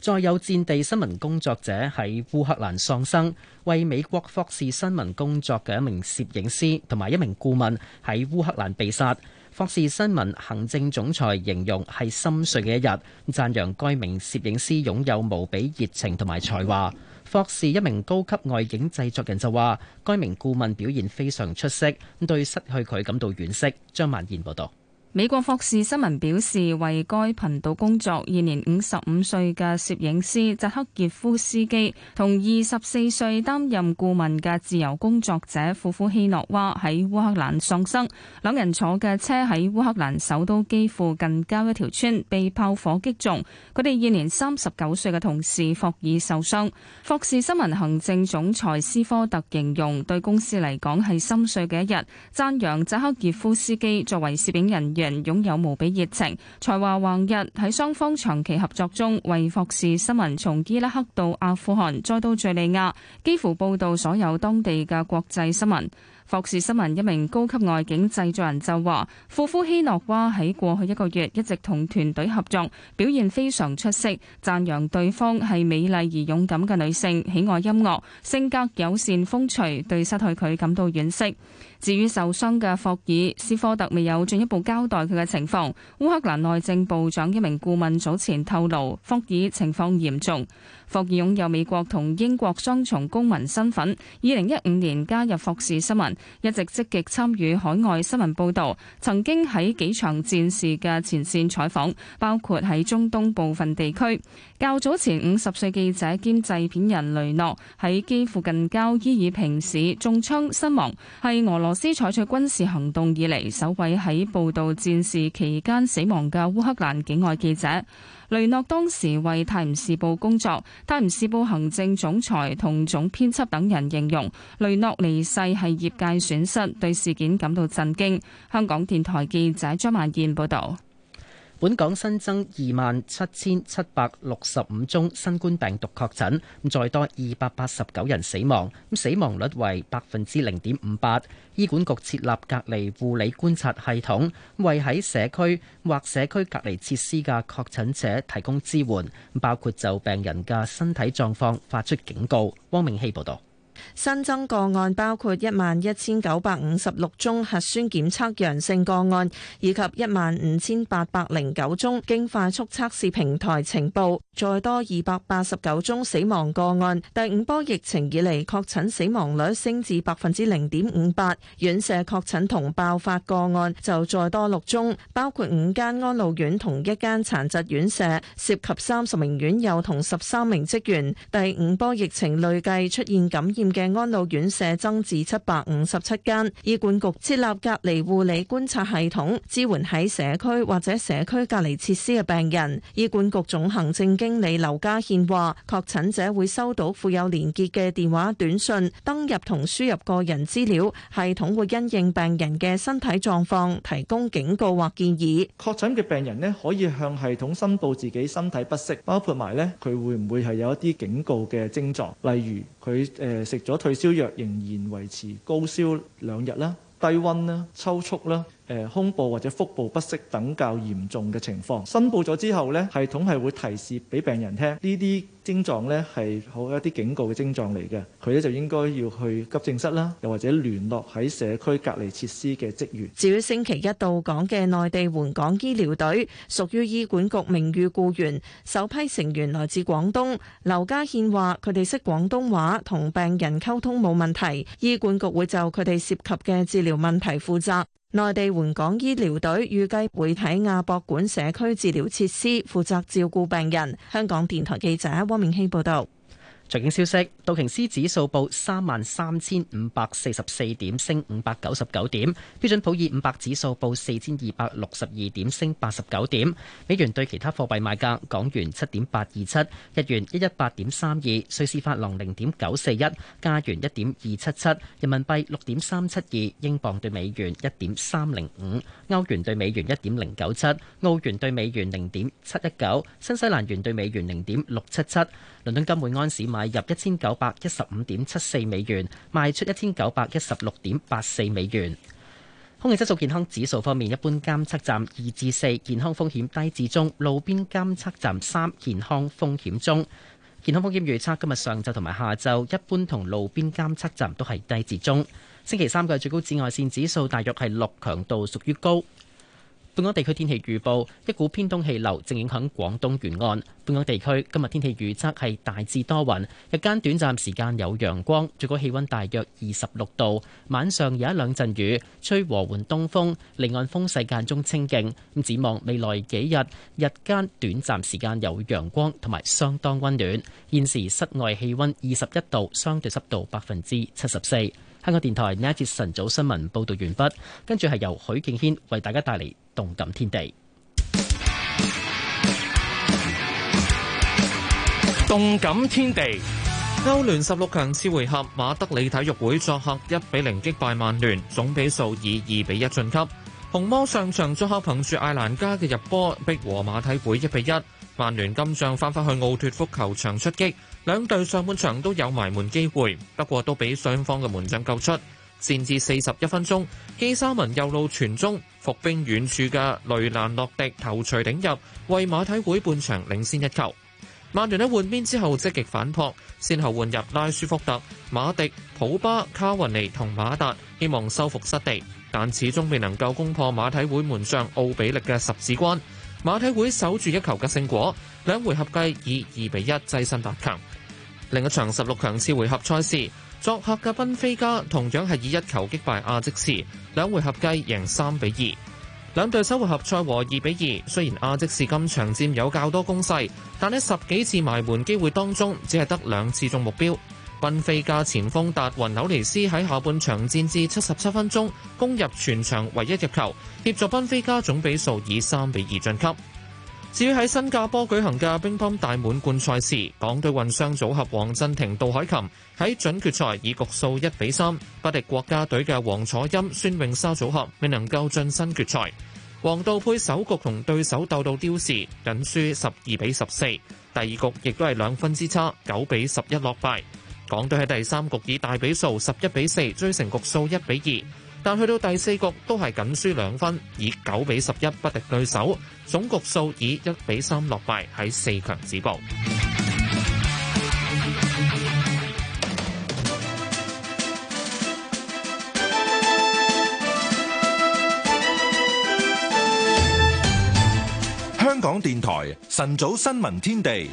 再有戰地新聞工作者喺烏克蘭喪生，為美國霍士新聞工作嘅一名攝影師同埋一名顧問喺烏克蘭被殺。霍士新聞行政總裁形容係心碎嘅一日，讚揚該名攝影師擁有無比熱情同埋才華。霍士一名高級外景製作人就話，該名顧問表現非常出色，咁對失去佢感到惋惜。張曼燕報道。美國霍士新聞表示，為該頻道工作現年五十五歲嘅攝影師扎克傑夫斯基，同二十四歲擔任顧問嘅自由工作者庫夫希諾娃喺烏克蘭喪生。兩人坐嘅車喺烏克蘭首都基輔近郊一條村被炮火擊中，佢哋現年三十九歲嘅同事霍爾受傷。霍士新聞行政總裁斯科特形容，對公司嚟講係心碎嘅一日，讚揚扎克傑夫斯基作為攝影人員。人擁有無比熱情，才華橫溢，喺雙方長期合作中，為霍士新聞從伊拉克到阿富汗，再到敍利亞，幾乎報導所有當地嘅國際新聞。霍士新聞一名高級外景製作人就話，庫夫希諾娃喺過去一個月一直同團隊合作，表現非常出色，讚揚對方係美麗而勇敢嘅女性，喜愛音樂，性格友善風趣，對失去佢感到惋惜。至於受傷嘅霍爾斯科特，未有進一步交代佢嘅情況。烏克蘭內政部長一名顧問早前透露，霍爾情況嚴重。霍爾擁有美國同英國雙重公民身份，二零一五年加入霍士新聞，一直積極參與海外新聞報導，曾經喺幾場戰事嘅前線採訪，包括喺中東部分地區。較早前五十歲記者兼製片人雷諾喺基輔近郊伊爾平市中槍身亡，係俄羅斯採取軍事行動以嚟首位喺報導戰事期間死亡嘅烏克蘭境外記者。雷諾當時為《泰晤士報》工作，《泰晤士報》行政總裁同總編輯等人形容，雷諾離世係業界損失，對事件感到震驚。香港電台記者張萬健報導。本港新增二萬七千七百六十五宗新冠病毒確診，再多二百八十九人死亡，死亡率為百分之零點五八。醫管局設立隔離護理觀察系統，為喺社區或社區隔離設施嘅確診者提供支援，包括就病人嘅身體狀況發出警告。汪明希報道。新增個案包括一萬一千九百五十六宗核酸檢測陽性個案，以及一萬五千八百零九宗經快速測試平台呈報，再多二百八十九宗死亡個案。第五波疫情以嚟，確診死亡率升至百分之零點五八。院舍確診同爆發個案就再多六宗，包括五間安老院同一間殘疾院舍，涉及三十名院友同十三名職員。第五波疫情累計出現感染嘅安老院舍增至七百五十七間，醫管局設立隔離護理觀察系統，支援喺社區或者社區隔離設施嘅病人。醫管局總行政經理劉家憲話：確診者會收到附有連結嘅電話短信，登入同輸入個人資料，系統會因應病人嘅身體狀況提供警告或建議。確診嘅病人呢可以向系統申報自己身體不適，包括埋咧佢會唔會係有一啲警告嘅症狀，例如。佢誒、呃、食咗退燒藥，仍然維持高燒兩日啦，低溫啦，抽搐啦。誒，胸部或者腹部不適等較嚴重嘅情況，申報咗之後咧，系統係會提示俾病人聽呢啲症狀呢，係好一啲警告嘅症狀嚟嘅，佢咧就應該要去急症室啦，又或者聯絡喺社區隔離設施嘅職員。至於星期一到港嘅內地援港醫療隊，屬於醫管局名譽僱員，首批成員來自廣東，劉家憲話，佢哋識廣東話同病人溝通冇問題，醫管局會就佢哋涉及嘅治療問題負責。內地援港醫療隊預計會喺亞博館社區治療設施，負責照顧病人。香港電台記者汪明希報道。財經消息：道瓊斯指數報三萬三千五百四十四點，升五百九十九點；標準普爾五百指數報四千二百六十二點，升八十九點。美元對其他貨幣賣價：港元七點八二七，日元一一八點三二，瑞士法郎零點九四一，加元一點二七七，人民幣六點三七二，英鎊對美元一點三零五。歐元對美元一點零九七，澳元對美元零點七一九，新西蘭元對美元零點六七七。倫敦金每安士買入一千九百一十五點七四美元，賣出一千九百一十六點八四美元。空氣質素健康指數方面，一般監測站二至四，健康風險低至中；路邊監測站三，健康風險中。健康風險預測今日上晝同埋下晝，一般同路邊監測站都係低至中。星期三嘅最高紫外線指數大約係六強度，屬於高。本港地區天氣預報，一股偏東氣流正影響廣東沿岸。本港地區今日天氣預測係大致多雲，日間短暫時間有陽光，最高氣溫大約二十六度。晚上有一兩陣雨，吹和緩東風，離岸風勢間中清勁。咁展望未來幾日，日間短暫時間有陽光，同埋相當溫暖。現時室外氣溫二十一度，相對濕度百分之七十四。香港電台呢一節晨早新聞報道完畢，跟住係由許敬軒為大家帶嚟動感天地。動感天地，歐聯十六強次回合，馬德里體育會作客一比零擊敗曼聯，總比數以二比一晉級。紅魔上場作客憑住艾蘭加嘅入波，逼和馬體會一比一。曼聯今仗翻返去奧脱福球場出擊。兩隊上半場都有埋門機會，不過都俾雙方嘅門將救出。戰至四十一分鐘，基沙文右路傳中，伏兵遠處嘅雷蘭諾迪頭槌頂入，為馬體會半場領先一球。曼聯喺換邊之後積極反撲，先後換入拉舒福特、馬迪、普巴、卡雲尼同馬達，希望收復失地，但始終未能夠攻破馬體會門將奧比力嘅十指關。馬體會守住一球嘅勝果，兩回合計以二比一躋身八強。另一場十六強次回合賽事，作客嘅賓菲加同樣係以一球擊敗亞積士，兩回合計贏三比二。兩隊首回合賽和二比二，雖然亞積士今場佔有較多攻勢，但喺十幾次埋門機會當中，只係得兩次中目標。奔菲加前鋒達雲紐尼斯喺下半場戰至七十七分鐘攻入全場唯一入球，協助賓菲加總比數以三比二晉級。至於喺新加坡舉行嘅乒乓大滿貫賽事，港隊混雙組合黃振廷杜海琴，喺準決賽以局數一比三不敵國家隊嘅王楚欽孫穎莎組合夠進，未能夠晉身決賽。黃杜佩首局同對手鬥到刁時，僅輸十二比十四；第二局亦都係兩分之差，九比十一落敗。港隊喺第三局以大比數十一比四追成局數一比二，但去到第四局都係僅輸兩分，以九比十一不敵對手，總局數以一比三落敗，喺四強止步。香港電台晨早新聞天地。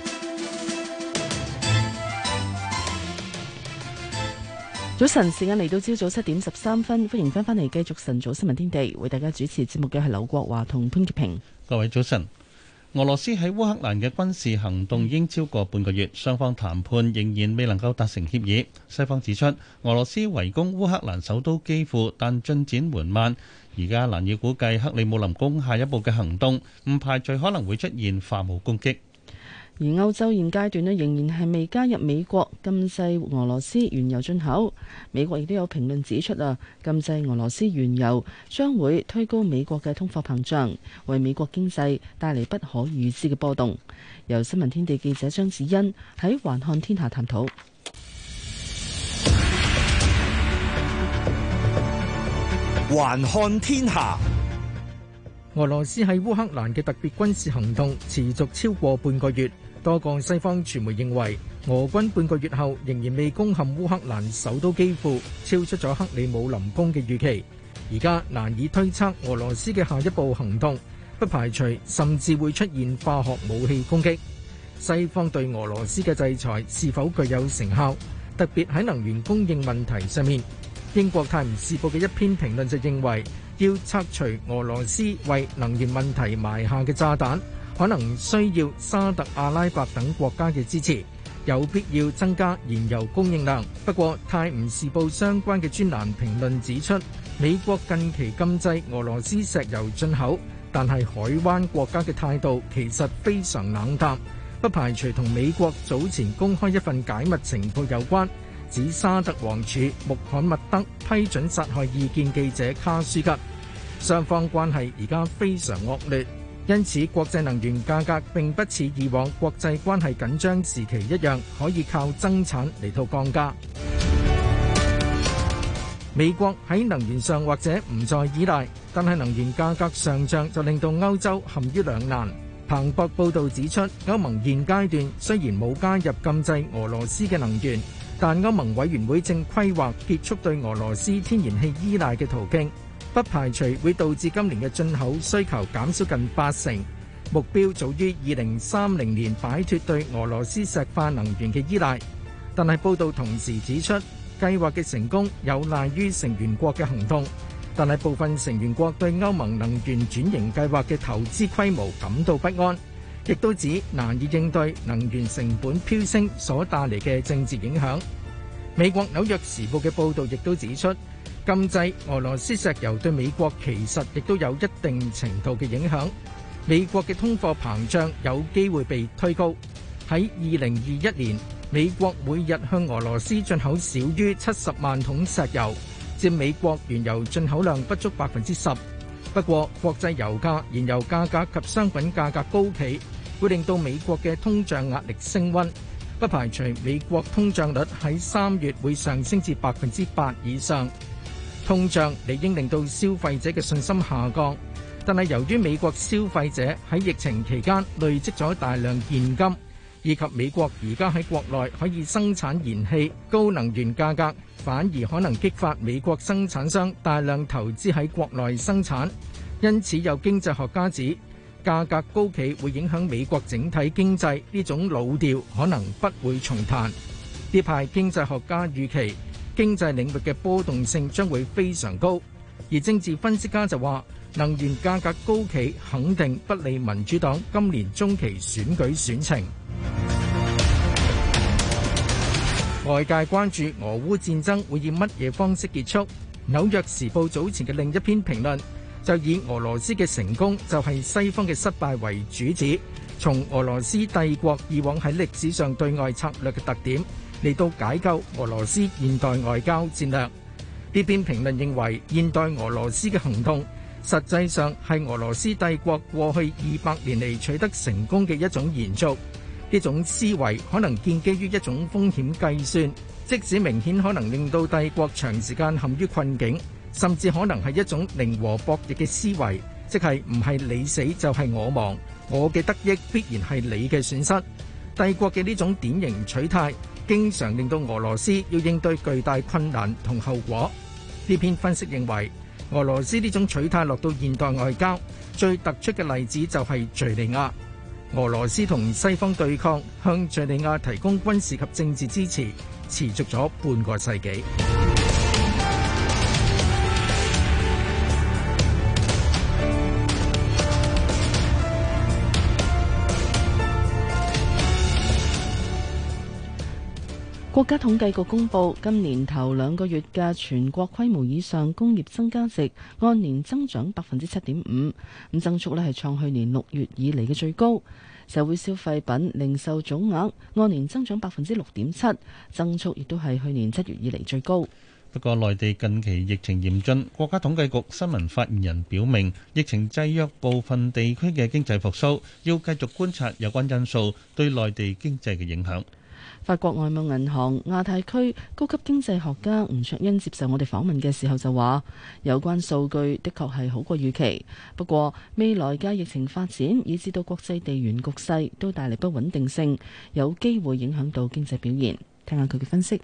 早晨，時間嚟到朝早七點十三分，歡迎翻返嚟繼續晨早新聞天地，為大家主持節目嘅係劉國華同潘潔平。各位早晨，俄羅斯喺烏克蘭嘅軍事行動已經超過半個月，雙方談判仍然未能夠達成協議。西方指出，俄羅斯圍攻烏克蘭首都基輔，但進展緩慢，而家難以估計克里姆林宮下一步嘅行動，唔排除可能會出現化武攻擊。而歐洲現階段咧仍然係未加入美國禁制俄羅斯原油進口。美國亦都有評論指出啊，禁制俄羅斯原油將會推高美國嘅通貨膨脹，為美國經濟帶嚟不可預知嘅波動。由新聞天地記者張子欣喺環看天下探討。環看天下，天下俄羅斯喺烏克蘭嘅特別軍事行動持續超過半個月。多個西方傳媒認為，俄軍半個月後仍然未攻陷烏克蘭首都基輔，超出咗克里姆林宮嘅預期。而家難以推測俄羅斯嘅下一步行動，不排除甚至會出現化學武器攻擊。西方對俄羅斯嘅制裁是否具有成效？特別喺能源供應問題上面，英國《泰晤士報》嘅一篇評論就認為，要拆除俄羅斯為能源問題埋下嘅炸彈。可能需要沙特阿拉伯等國家嘅支持，有必要增加燃油供應量。不過泰晤士報相關嘅專欄評論指出，美國近期禁制俄羅斯石油進口，但係海灣國家嘅態度其實非常冷淡，不排除同美國早前公開一份解密情報有關，指沙特王儲穆罕默德批准殺害異見記者卡舒吉，雙方關係而家非常惡劣。因此，國際能源價格並不似以往國際關係緊張時期一樣，可以靠增產嚟到降價。美國喺能源上或者唔再依賴，但係能源價格上漲就令到歐洲陷於兩難。彭博報導指出，歐盟現階段雖然冇加入禁制俄羅斯嘅能源，但歐盟委員會正規劃結束對俄羅斯天然氣依賴嘅途徑。不排除會導致今年嘅進口需求減少近八成，目標早於禁制俄羅斯石油對美國其實亦都有一定程度嘅影響，美國嘅通貨膨脹有機會被推高。喺二零二一年，美國每日向俄羅斯進口少於七十萬桶石油，佔美國原油進口量不足百分之十。不過，國際油價、燃油價格及商品價格高企，會令到美國嘅通脹壓力升溫，不排除美國通脹率喺三月會上升至百分之八以上。通脹理應令到消費者嘅信心下降，但係由於美國消費者喺疫情期間累積咗大量現金，以及美國而家喺國內可以生產燃氣，高能源價格反而可能激發美國生產商大量投資喺國內生產。因此有經濟學家指，價格高企會影響美國整體經濟，呢種老調可能不會重彈。呢派經濟學家預期，經濟領域嘅波動性將會非常高，而政治分析家就話能源價格高企肯定不利民主黨今年中期選舉選情。外界關注俄烏戰爭會以乜嘢方式結束。紐約時報早前嘅另一篇評論就以俄羅斯嘅成功就係西方嘅失敗為主旨，從俄羅斯帝國以往喺歷史上對外策略嘅特點。嚟到解救俄羅斯現代外交戰略，呢篇評論認為，現代俄羅斯嘅行動實際上係俄羅斯帝國過去二百年嚟取得成功嘅一種延續。呢種思維可能建基於一種風險計算，即使明顯可能令到帝國長時間陷於困境，甚至可能係一種零和博弈嘅思維，即係唔係你死就係我亡，我嘅得益必然係你嘅損失。帝國嘅呢種典型取態，經常令到俄羅斯要應對巨大困難同後果。呢篇分析認為，俄羅斯呢種取態落到現代外交，最突出嘅例子就係敍利亞。俄羅斯同西方對抗，向敍利亞提供軍事及政治支持，持續咗半個世紀。國家統計局公布，今年頭兩個月嘅全國規模以上工業增加值按年增長百分之七點五，咁增速咧係創去年六月以嚟嘅最高。社會消費品零售總額按年增長百分之六點七，增速亦都係去年七月以嚟最高。不過，內地近期疫情嚴峻，國家統計局新聞發言人表明，疫情制約部分地區嘅經濟復蘇，要繼續觀察有關因素對內地經濟嘅影響。法國外貿銀行亞太區高級經濟學家吳卓恩接受我哋訪問嘅時候就話：有關數據的確係好過預期，不過未來嘅疫情發展以至到國際地緣局勢都帶嚟不穩定性，有機會影響到經濟表現。聽下佢嘅分析。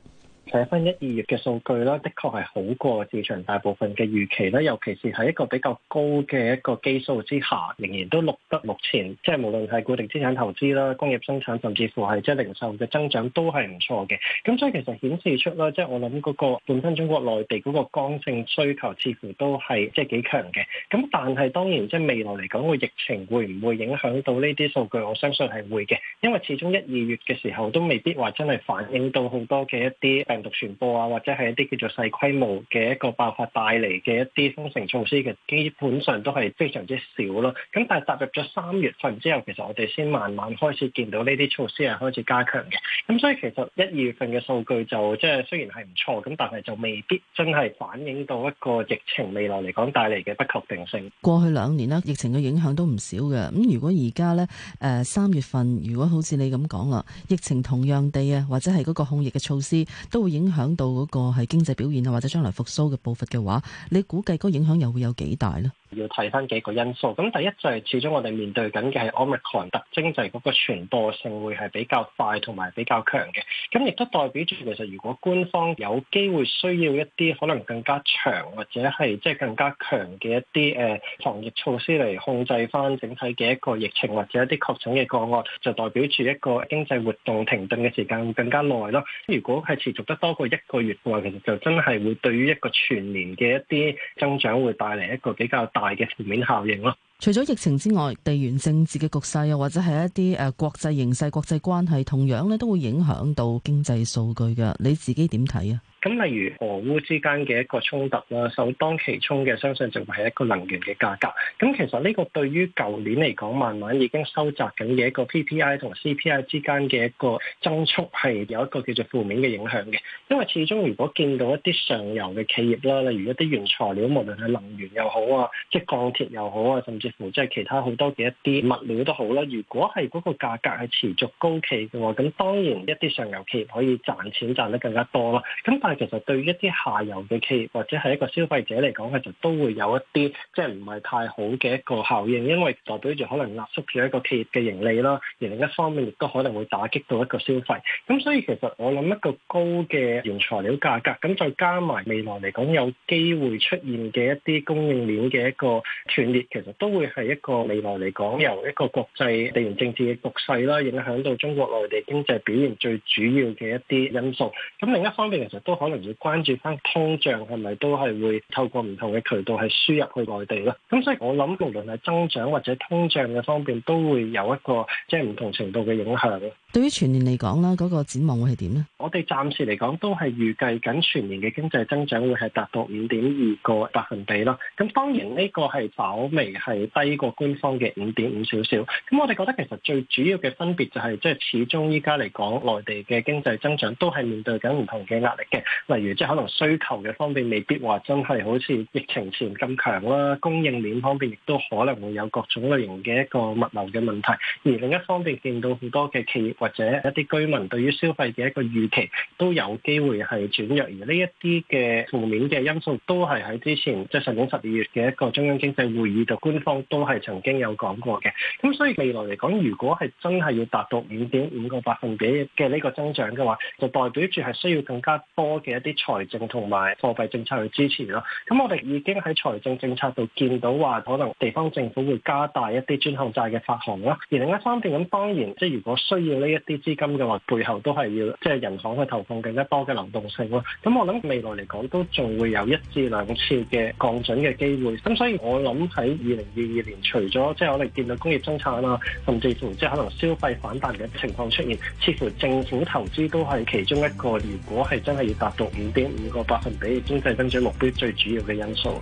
睇翻一、二月嘅數據啦，的確係好過市場大部分嘅預期啦。尤其是喺一個比較高嘅一個基數之下，仍然都錄得目前。即係無論係固定資產投資啦、工業生產，甚至乎係即係零售嘅增長都係唔錯嘅。咁所以其實顯示出啦，即係我諗嗰個本身中國內地嗰個剛性需求似乎都係即係幾強嘅。咁但係當然，即係未來嚟講，個疫情會唔會影響到呢啲數據？我相信係會嘅，因為始終一、二月嘅時候都未必話真係反映到好多嘅一啲。病毒傳播啊，或者係一啲叫做細規模嘅一個爆發帶嚟嘅一啲封城措施嘅，基本上都係非常之少咯。咁但係踏入咗三月份之後，其實我哋先慢慢開始見到呢啲措施係開始加強嘅。咁所以其實一二月份嘅數據就即係雖然係唔錯，咁但係就未必真係反映到一個疫情未來嚟講帶嚟嘅不確定性。過去兩年咧，疫情嘅影響都唔少嘅。咁如果而家呢，誒、呃、三月份如果好似你咁講啦，疫情同樣地啊，或者係嗰個控疫嘅措施都。會影響到嗰個係經濟表現啊，或者將來復甦嘅步伐嘅話，你估計嗰個影響又會有幾大咧？要睇翻幾個因素，咁第一就係、是、始終我哋面對緊嘅係 Omicron 特徵就係嗰個傳播性會係比較快同埋比較強嘅，咁亦都代表住其實如果官方有機會需要一啲可能更加長或者係即係更加強嘅一啲誒防疫措施嚟控制翻整體嘅一個疫情或者一啲確診嘅個案，就代表住一個經濟活動停頓嘅時間會更加耐咯。如果係持續得多過一個月嘅話，其實就真係會對於一個全年嘅一啲增長會帶嚟一個比較大嘅正面效應咯。除咗疫情之外，地緣政治嘅局勢又或者係一啲誒國際形勢、國際關係，同樣咧都會影響到經濟數據㗎。你自己點睇啊？咁例如俄烏之間嘅一個衝突啦，首當其衝嘅相信就係一個能源嘅價格。咁其實呢個對於舊年嚟講，慢慢已經收窄緊嘅一個 PPI 同 CPI 之間嘅一個增速係有一個叫做負面嘅影響嘅。因為始終如果見到一啲上游嘅企業啦，例如一啲原材料，無論係能源又好啊，即係鋼鐵又好啊，甚至乎即係其他好多嘅一啲物料都好啦。如果係嗰個價格係持續高企嘅話，咁當然一啲上游企業可以賺錢賺得更加多啦。咁但其實對一啲下游嘅企業或者係一個消費者嚟講，其實都會有一啲即係唔係太好嘅一個效應，因為代表住可能壓縮住一個企業嘅盈利啦。而另一方面，亦都可能會打擊到一個消費。咁所以其實我諗一個高嘅原材料價格，咁再加埋未來嚟講有機會出現嘅一啲供應鏈嘅一個斷裂，其實都會係一個未來嚟講由一個國際地緣政治嘅局勢啦，影響到中國內地經濟表現最主要嘅一啲因素。咁另一方面，其實都。可能要關注翻通脹係咪都係會透過唔同嘅渠道係輸入去內地咯？咁所以我諗，無論係增長或者通脹嘅方面，都會有一個即係唔同程度嘅影響。對於全年嚟講咧，嗰個展望會係點呢？我哋暫時嚟講都係預計緊全年嘅經濟增長會係達到五點二個百分比咯。咁當然呢個係稍微係低過官方嘅五點五少少。咁我哋覺得其實最主要嘅分別就係即係始終依家嚟講，內地嘅經濟增長都係面對緊唔同嘅壓力嘅。例如即係可能需求嘅方面未必話真係好似疫情前咁強啦，供應鏈方面亦都可能會有各種類型嘅一個物流嘅問題。而另一方面見到好多嘅企業或者一啲居民對於消費嘅一個預期都有機會係轉弱。而呢一啲嘅負面嘅因素都係喺之前即係上年十二月嘅一個中央經濟會議度，官方都係曾經有講過嘅。咁所以未來嚟講，如果係真係要達到五點五個百分比嘅呢個增長嘅話，就代表住係需要更加多。嘅一啲財政同埋貨幣政策去支持啦，咁我哋已經喺財政政策度見到話可能地方政府會加大一啲專項債嘅發行啦。而另一方面咁當然，即係如果需要呢一啲資金嘅話，背後都係要即係人行去投放更加多嘅流動性咯。咁我諗未來嚟講都仲會有一至兩次嘅降準嘅機會，咁所以我諗喺二零二二年，除咗即係我哋見到工業生產啦，甚至乎即係可能消費反彈嘅情況出現，似乎政府投資都係其中一個如果係真係要到五點五個百分比經濟增長目標最主要嘅因素。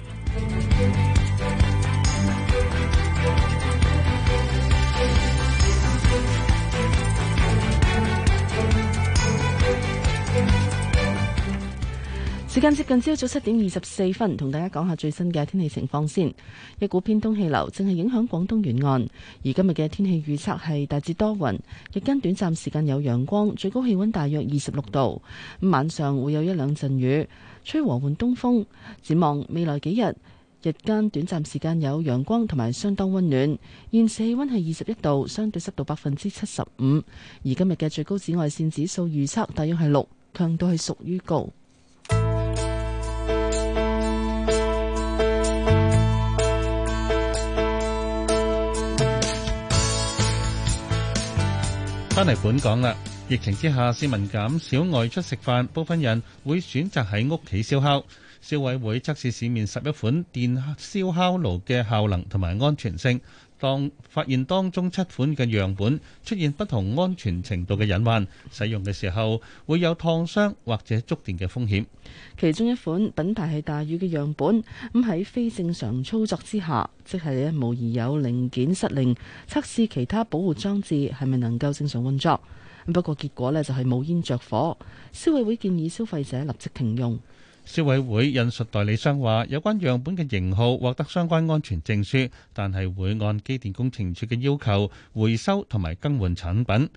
時間接近朝早七點二十四分，同大家講下最新嘅天氣情況先。一股偏東氣流正係影響廣東沿岸，而今日嘅天氣預測係大致多雲，日間短暫時間有陽光，最高氣温大約二十六度。晚上會有一兩陣雨，吹和緩東風。展望未來幾日，日間短暫時間有陽光同埋相當温暖。現時氣温係二十一度，相對濕度百分之七十五。而今日嘅最高紫外線指數預測大約係六，強度係屬於高。返嚟本港啦！疫情之下，市民減少外出食飯，部分人會選擇喺屋企燒烤。消委會測試市面十一款電燒烤爐嘅效能同埋安全性。當發現當中七款嘅樣本出現不同安全程度嘅隱患，使用嘅時候會有燙傷或者觸電嘅風險。其中一款品牌係大宇嘅樣本咁喺非正常操作之下，即係咧無疑有零件失靈，測試其他保護裝置係咪能夠正常運作。不過結果呢，就係冒煙着火，消委會建議消費者立即停用。消委會引述代理商話：有關樣本嘅型號獲得相關安全證書，但係會按機電工程署嘅要求回收同埋更換產品。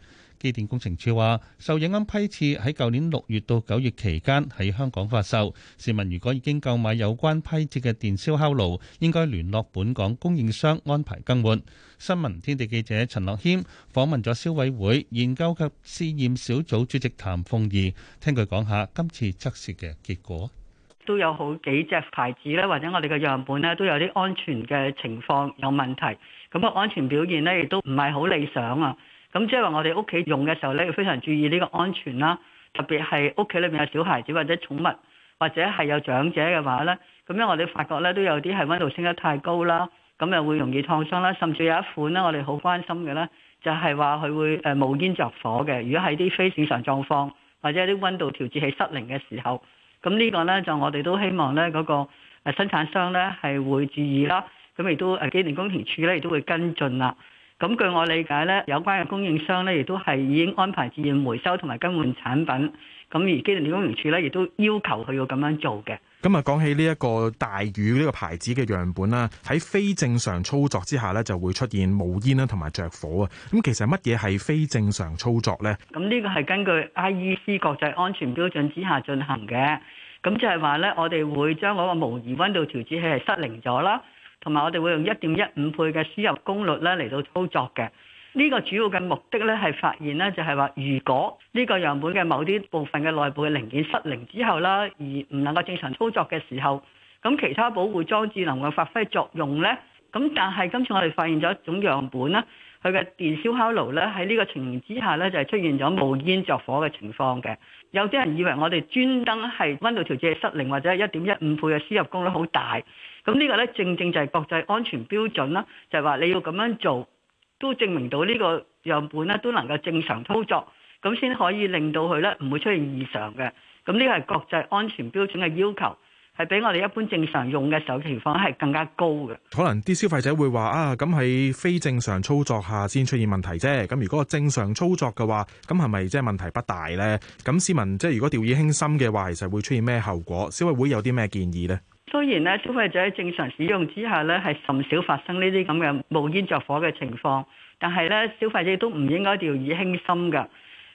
機電工程署話，受影響批次喺舊年六月到九月期間喺香港發售。市民如果已經購買有關批次嘅電燒烤爐，應該聯絡本港供應商安排更換。新聞天地記者陳樂謙訪問咗消委會研究及試驗小組主席譚鳳儀，聽佢講下今次測試嘅結果。都有好幾隻牌子，咧，或者我哋嘅樣本咧，都有啲安全嘅情況有問題，咁個安全表現咧亦都唔係好理想啊。咁即係話我哋屋企用嘅時候咧，要非常注意呢個安全啦。特別係屋企裏面有小孩子或者寵物，或者係有長者嘅話咧，咁樣我哋發覺咧都有啲係温度升得太高啦，咁又會容易燙傷啦。甚至有一款咧，我哋好關心嘅咧，就係話佢會誒冒煙着火嘅，如果喺啲非正常狀況或者啲温度調節器失靈嘅時候，咁呢個咧就我哋都希望咧嗰個誒生產商咧係會注意啦。咁亦都誒機電工程署咧亦都會跟進啦。咁據我理解咧，有關嘅供應商咧，亦都係已經安排自行回收同埋更換產品。咁而機電工程署咧，亦都要求佢要咁樣做嘅。咁啊，講起呢一個大宇呢個牌子嘅樣本啦，喺非正常操作之下咧，就會出現冒煙啦同埋着火啊。咁其實乜嘢係非正常操作咧？咁呢個係根據 IEC 國際安全標準之下進行嘅。咁就係話咧，我哋會將嗰個模擬溫度調節器係失靈咗啦。同埋我哋會用一點一五倍嘅輸入功率咧，嚟到操作嘅。呢個主要嘅目的咧，係發現咧就係話，如果呢個樣本嘅某啲部分嘅內部嘅零件失靈之後啦，而唔能夠正常操作嘅時候，咁其他保護裝置能夠發揮作用咧。咁但係今次我哋發現咗一種樣本咧，佢嘅電燒烤爐咧喺呢個情形之下咧就係出現咗冒煙着火嘅情況嘅。有啲人以為我哋專登係溫度調節失靈或者一點一五倍嘅輸入功率好大，咁呢個呢，正正就係國際安全標準啦，就係話你要咁樣做，都證明到呢個樣本咧都能夠正常操作，咁先可以令到佢呢唔會出現異常嘅，咁呢個係國際安全標準嘅要求。係比我哋一般正常用嘅時候情況係更加高嘅。可能啲消費者會話啊，咁喺非正常操作下先出現問題啫。咁如果正常操作嘅話，咁係咪即係問題不大呢？咁市民即係如果掉以輕心嘅話，其實會出現咩後果？消委會有啲咩建議呢？雖然呢消費者喺正常使用之下呢，係甚少發生呢啲咁嘅冒煙着火嘅情況，但係呢消費者都唔應該掉以輕心噶。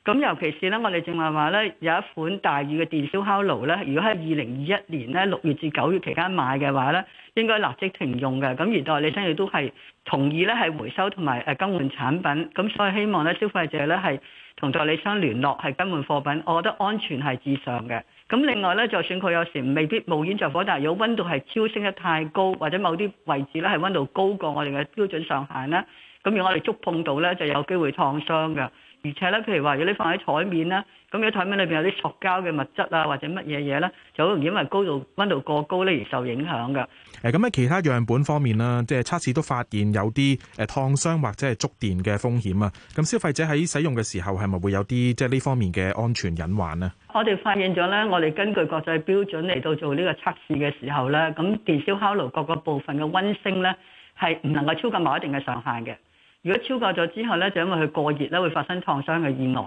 咁尤其是咧，我哋正話話咧有一款大宇嘅電燒烤爐咧，如果喺二零二一年咧六月至九月期間買嘅話咧，應該立即停用嘅。咁而代理商亦都係同意咧，係回收同埋誒更換產品。咁所以希望咧消費者咧係同代理商聯絡，係更換貨品。我覺得安全係至上嘅。咁另外咧，就算佢有時未必冒煙著火，但係如果温度係超升得太高，或者某啲位置咧係温度高過我哋嘅標準上限啦，咁如果我哋觸碰到咧，就有機會燙傷嘅。而且咧，譬如話如果你放喺檯面啦，咁如果檯面裏邊有啲塑膠嘅物質啊，或者乜嘢嘢咧，就好容易因為高度温度過高咧而受影響嘅。誒、嗯，咁喺其他樣本方面啦，即係測試都發現有啲誒燙傷或者係觸電嘅風險啊。咁消費者喺使用嘅時候係咪會有啲即係呢方面嘅安全隱患呢？我哋發現咗咧，我哋根據國際標準嚟到做呢個測試嘅時候咧，咁電燒烤爐各個部分嘅温升咧係唔能夠超過某一定嘅上限嘅。如果超過咗之後咧，就因為佢過熱咧，會發生創傷嘅意外。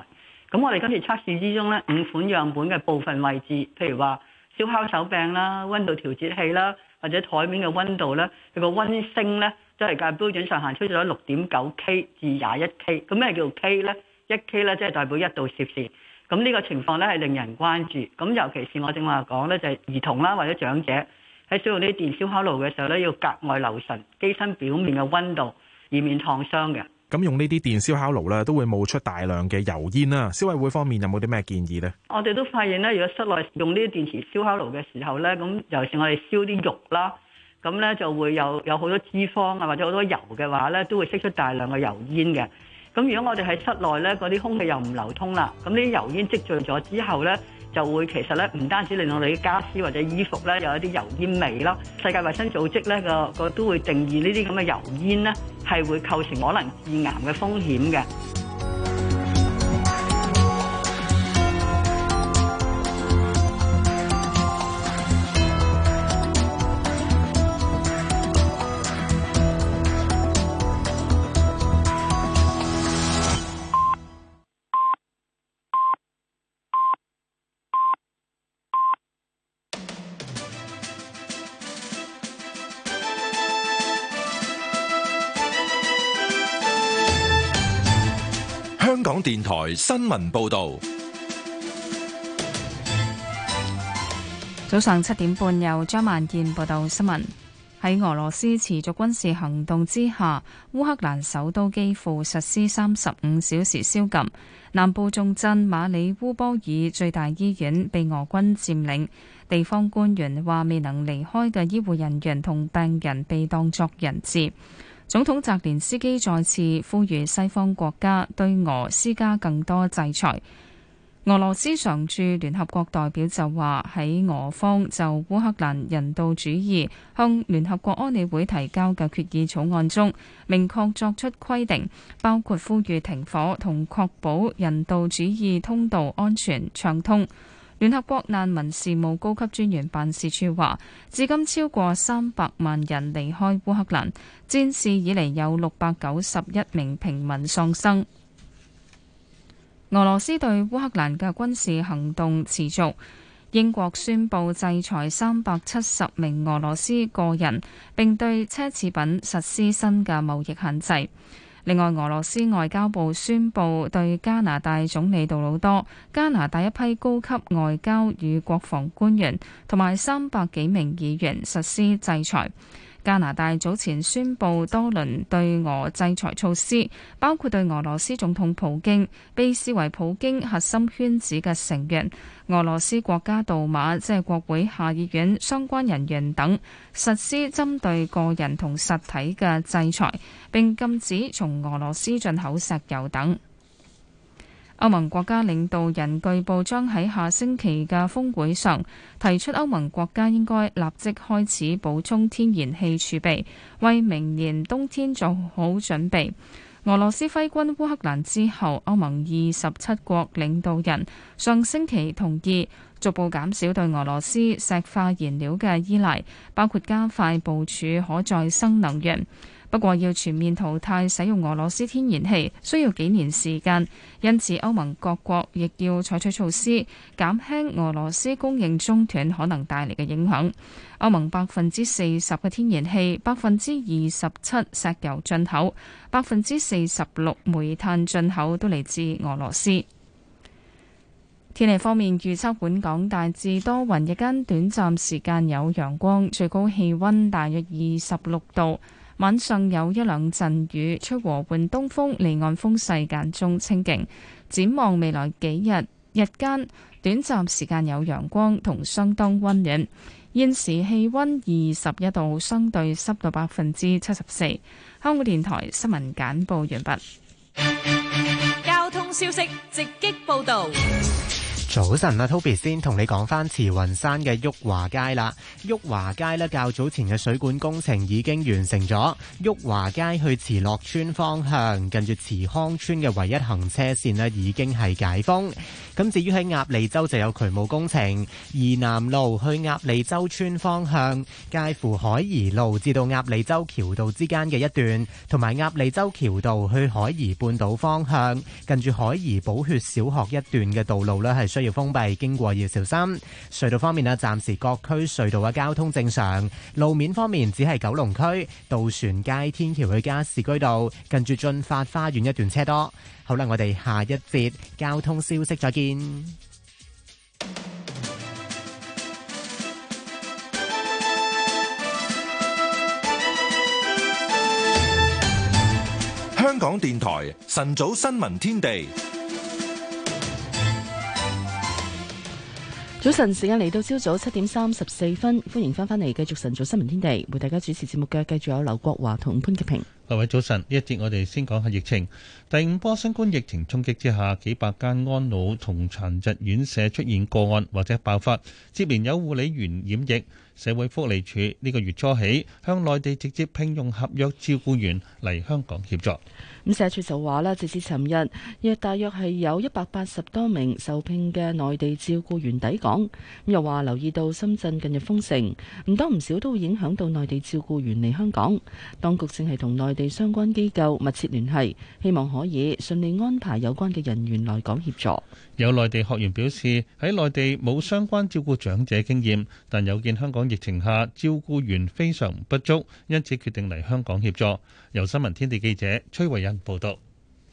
咁我哋今次測試之中咧，五款樣本嘅部分位置，譬如話燒烤手柄啦、温度調節器啦，或者台面嘅温度咧，佢個温升咧都係較標準上限超出咗六點九 K 至廿一 K。咁咩叫 K 呢？一 K 咧即係代表一度攝氏。咁呢個情況咧係令人關注。咁尤其是我正話講咧，就係、是、兒童啦或者長者喺使用呢啲電燒烤爐嘅時候咧，要格外留神機身表面嘅温度。以免燙傷嘅。咁用呢啲電燒烤爐咧，都會冒出大量嘅油煙啦。消委會方面有冇啲咩建議呢？我哋都發現咧，如果室內用呢啲電池燒烤爐嘅時候咧，咁尤其是我哋燒啲肉啦，咁咧就會有有好多脂肪啊，或者好多油嘅話咧，都會釋出大量嘅油煙嘅。咁如果我哋喺室內咧，嗰啲空氣又唔流通啦，咁呢啲油煙積聚咗之後咧。就會其實咧，唔單止令到你啲傢俬或者衣服咧有一啲油煙味咯。世界衞生組織咧，個個都會定義這這呢啲咁嘅油煙咧，係會構成可能致癌嘅風險嘅。電台新聞報道：早上七點半有，由張萬燕報道新聞。喺俄羅斯持續軍事行動之下，烏克蘭首都幾乎實施三十五小時宵禁。南部重鎮馬里烏波爾最大醫院被俄軍佔領，地方官員話未能離開嘅醫護人員同病人被當作人質。總統澤連斯基再次呼籲西方國家對俄施加更多制裁。俄羅斯常駐聯合國代表就話，喺俄方就烏克蘭人道主義向聯合國安理會提交嘅決議草案中，明確作出規定，包括呼籲停火同確保人道主義通道安全暢通。聯合國難民事務高級專員辦事處話，至今超過三百萬人離開烏克蘭，戰事以嚟有六百九十一名平民喪生。俄羅斯對烏克蘭嘅軍事行動持續，英國宣布制裁三百七十名俄羅斯個人，並對奢侈品實施新嘅貿易限制。另外，俄羅斯外交部宣布對加拿大總理杜魯多、加拿大一批高級外交與國防官員同埋三百幾名議員實施制裁。加拿大早前宣布多輪對俄制裁措施，包括對俄羅斯總統普京、被視為普京核心圈子嘅成員、俄羅斯國家杜馬即係國會下議院相關人員等，實施針對個人同實體嘅制裁，並禁止從俄羅斯進口石油等。歐盟國家領導人據報將喺下星期嘅峰會上提出，歐盟國家應該立即開始補充天然氣儲備，為明年冬天做好準備。俄羅斯揮軍烏克蘭之後，歐盟二十七國領導人上星期同意逐步減少對俄羅斯石化燃料嘅依賴，包括加快部署可再生能源。不過，要全面淘汰使用俄羅斯天然氣需要幾年時間，因此歐盟各國亦要採取措施減輕俄羅斯供應中斷可能帶嚟嘅影響。歐盟百分之四十嘅天然氣、百分之二十七石油進口、百分之四十六煤炭進口都嚟自俄羅斯。天氣方面預測，本港大致多雲，日間短暫時間有陽光，最高氣溫大約二十六度。晚上有一兩陣雨，吹和緩東風，離岸風勢間中清勁。展望未來幾日，日間短暫時間有陽光同相當溫暖。現時氣溫二十一度，相對濕度百分之七十四。香港電台新聞簡報完畢。交通消息直擊報道。早晨啦，Toby 先同你講返慈雲山嘅裕華街啦。裕華街咧較早前嘅水管工程已經完成咗，裕華街去慈樂村方向，近住慈康村嘅唯一行車綫咧已經係解封。咁至於喺鴨脷洲就有渠務工程，怡南路去鴨脷洲村方向，介乎海怡路至到鴨脷洲橋道之間嘅一段，同埋鴨脷洲橋道去海怡半島方向，近住海怡寶血小學一段嘅道路咧係需。要封閉，經過要小心。隧道方面咧，暫時各區隧道嘅交通正常。路面方面只，只係九龍區渡船街天橋去加士居道近住駿發花園一段車多。好啦，我哋下一節交通消息再見。香港電台晨早新聞天地。早晨，時間嚟到，朝早七點三十四分，歡迎翻返嚟，繼續晨早新聞天地，為大家主持節目嘅，繼續有劉國華同潘潔平。各位早晨，呢一節我哋先講下疫情第五波新冠疫情衝擊之下，幾百間安老同殘疾院舍出現個案或者爆發，接連有護理員染疫。社會福利署呢個月初起向內地直接聘用合約照顧員嚟香港協助。咁社署就話啦，直至尋日，約大約係有一百八十多名受聘嘅內地照顧員抵港。咁又話留意到深圳近日封城，唔多唔少都會影響到內地照顧員嚟香港。當局正係同內地相關機構密切聯繫，希望可以順利安排有關嘅人員來港協助。有內地學員表示喺內地冇相關照顧長者經驗，但有見香港疫情下照顧員非常不足，因此決定嚟香港協助。由新聞天地記者崔慧仁報道，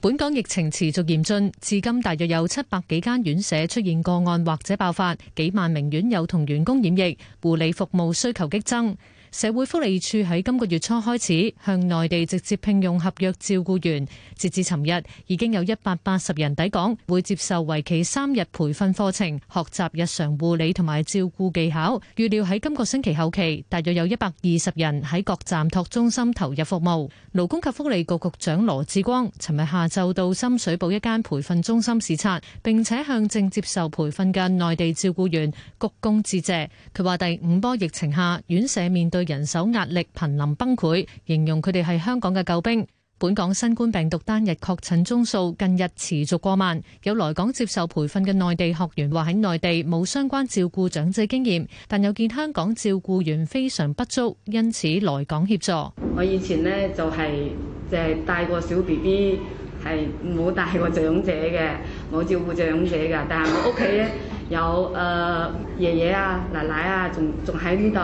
本港疫情持續嚴峻，至今大約有七百幾間院舍出現個案或者爆發，幾萬名院友同員工染疫，護理服務需求激增。社會福利署喺今個月初開始向內地直接聘用合約照顧員，截至尋日已經有一百八十人抵港，會接受為期三日培訓課程，學習日常護理同埋照顧技巧。預料喺今個星期後期，大約有一百二十人喺各站託中心投入服務。勞工及福利局局長羅致光尋日下晝到深水埗一間培訓中心視察，並且向正接受培訓嘅內地照顧員鞠躬致謝。佢話：第五波疫情下，院舍面對人手壓力瀕臨崩潰，形容佢哋係香港嘅救兵。本港新冠病毒單日確診宗數近日持續過萬，有來港接受培訓嘅內地學員話喺內地冇相關照顧長者經驗，但有見香港照顧員非常不足，因此來港協助。我以前呢就係就係帶過小 BB，係冇帶過長者嘅。冇照顧過長者㗎，但係我屋企有誒、呃、爺爺啊、奶奶啊，仲仲喺呢度，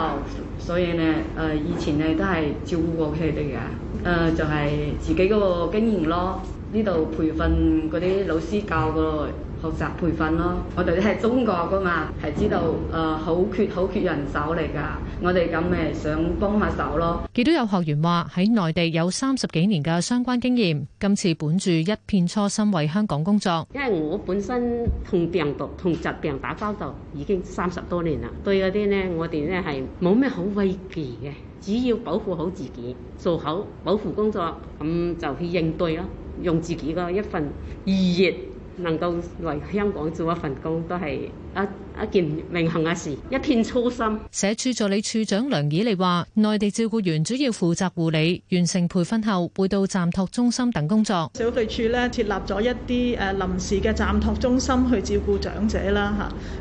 所以咧、呃、以前咧都係照顧過佢哋㗎，就係、是、自己嗰個經驗咯。呢度培訓嗰啲老師教過嚟學習培訓咯。我哋都係中國噶嘛，係知道誒、呃、好缺好缺人手嚟㗎。我哋咁咪想幫下手咯。亦都有學員話喺內地有三十幾年嘅相關經驗，今次本住一片初心為香港工作。因為我本身同病毒同疾病打交道已經三十多年啦，對嗰啲呢，我哋呢係冇咩好畏忌嘅，只要保護好自己，做好保護工作，咁就去應對咯。用自己嘅一份熱意，能夠嚟香港做一份工，都係，一一件榮幸嘅事，一片操心。社署助理處長梁以利話，內地照顧員主要負責護理，完成培訓後，會到暫託中心等工作。社會事署咧設立咗一啲誒臨時嘅暫託中心去照顧長者啦，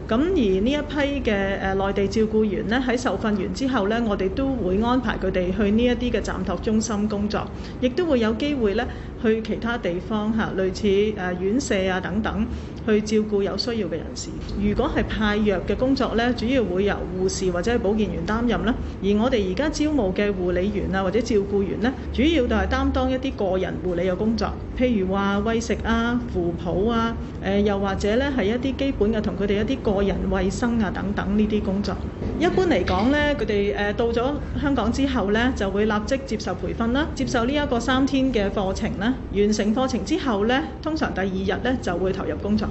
嚇。咁而呢一批嘅誒內地照顧員咧喺受訓完之後咧，我哋都會安排佢哋去呢一啲嘅暫託中心工作，亦都會有機會咧去其他地方嚇，類似誒院舍啊等等。去照顧有需要嘅人士。如果係派藥嘅工作呢，主要會由護士或者係保健員擔任啦。而我哋而家招募嘅護理員啊，或者照顧員呢，主要就係擔當一啲個人護理嘅工作，譬如話餵食啊、扶抱啊、誒、呃、又或者呢係一啲基本嘅同佢哋一啲個人衞生啊等等呢啲工作。一般嚟講呢，佢哋誒到咗香港之後呢，就會立即接受培訓啦，接受呢一個三天嘅課程啦。完成課程之後呢，通常第二日呢就會投入工作。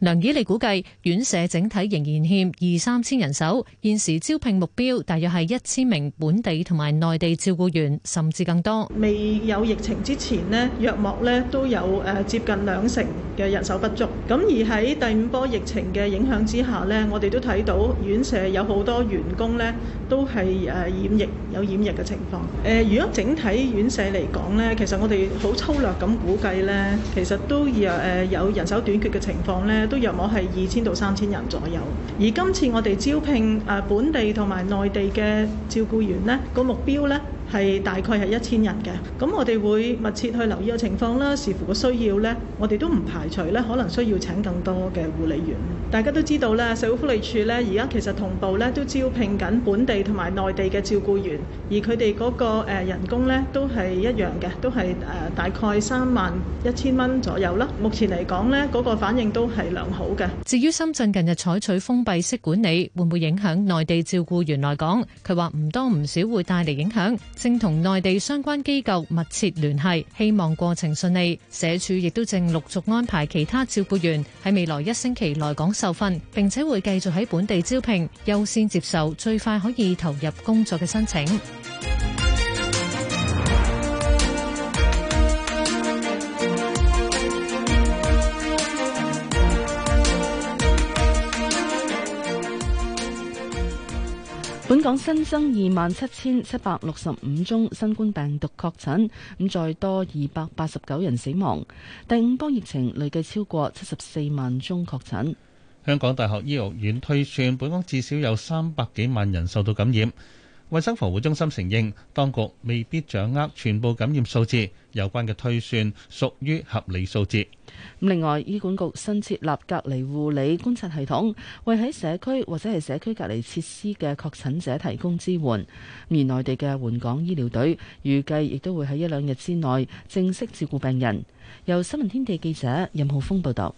梁綺利估計院舍整體仍然欠二三千人手，現時招聘目標大約係一千名本地同埋內地照顧員，甚至更多。未有疫情之前咧，約莫咧都有誒接近兩成嘅人手不足。咁而喺第五波疫情嘅影響之下咧，我哋都睇到院舍有好多員工咧都係誒染疫有染疫嘅情況。誒、呃，如果整體院舍嚟講咧，其實我哋好粗略咁估計咧，其實都有誒有人手短缺嘅情。房咧都約摸係二千到三千人左右，而今次我哋招聘誒本地同埋內地嘅照顧員咧個目標咧。係大概係一千人嘅，咁我哋會密切去留意個情況啦。視乎個需要呢，我哋都唔排除呢可能需要請更多嘅護理員。大家都知道咧，社會福利署呢而家其實同步呢都招聘緊本地同埋內地嘅照顧員，而佢哋嗰個誒人工呢都係一樣嘅，都係誒大概三萬一千蚊左右啦。目前嚟講呢，嗰個反應都係良好嘅。至於深圳近日採取封閉式管理，會唔會影響內地照顧員來港？佢話唔多唔少會帶嚟影響。正同內地相關機構密切聯繫，希望過程順利。社署亦都正陸續安排其他照顧員喺未來一星期來港受訓，並且會繼續喺本地招聘，優先接受最快可以投入工作嘅申請。本港新增二萬七千七百六十五宗新冠病毒確診，咁再多二百八十九人死亡。第五波疫情累計超過七十四萬宗確診。香港大學醫學院推算，本港至少有三百幾萬人受到感染。衛生防護中心承認，當局未必掌握全部感染數字，有關嘅推算屬於合理數字。另外，醫管局新設立隔離護理觀察系統，為喺社區或者係社區隔離設施嘅確診者提供支援。而內地嘅援港醫療隊預計亦都會喺一兩日之內正式照顧病人。由新聞天地記者任浩峰報道。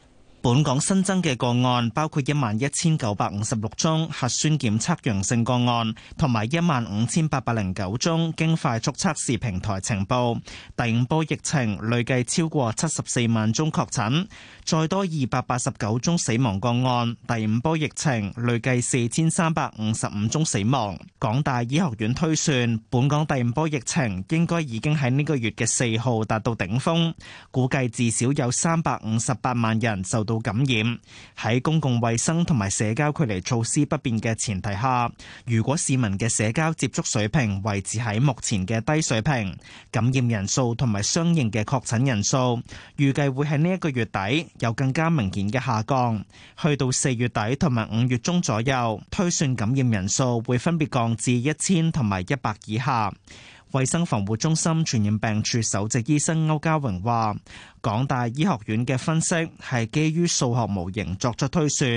本港新增嘅個案，包括一萬一千九百五十六宗核酸檢測陽性個案，同埋一萬五千八百零九宗經快速測試平台呈報。第五波疫情累計超過七十四萬宗確診，再多二百八十九宗死亡個案。第五波疫情累計四千三百五十五宗死亡。港大醫學院推算，本港第五波疫情應該已經喺呢個月嘅四號達到頂峰，估計至少有三百五十八萬人受到感染喺公共衛生同埋社交距離措施不變嘅前提下，如果市民嘅社交接觸水平維持喺目前嘅低水平，感染人數同埋相應嘅確診人數，預計會喺呢一個月底有更加明顯嘅下降，去到四月底同埋五月中左右，推算感染人數會分別降至一千同埋一百以下。衛生防護中心傳染病處首席醫生歐家榮話。港大醫學院嘅分析係基於數學模型作出推算，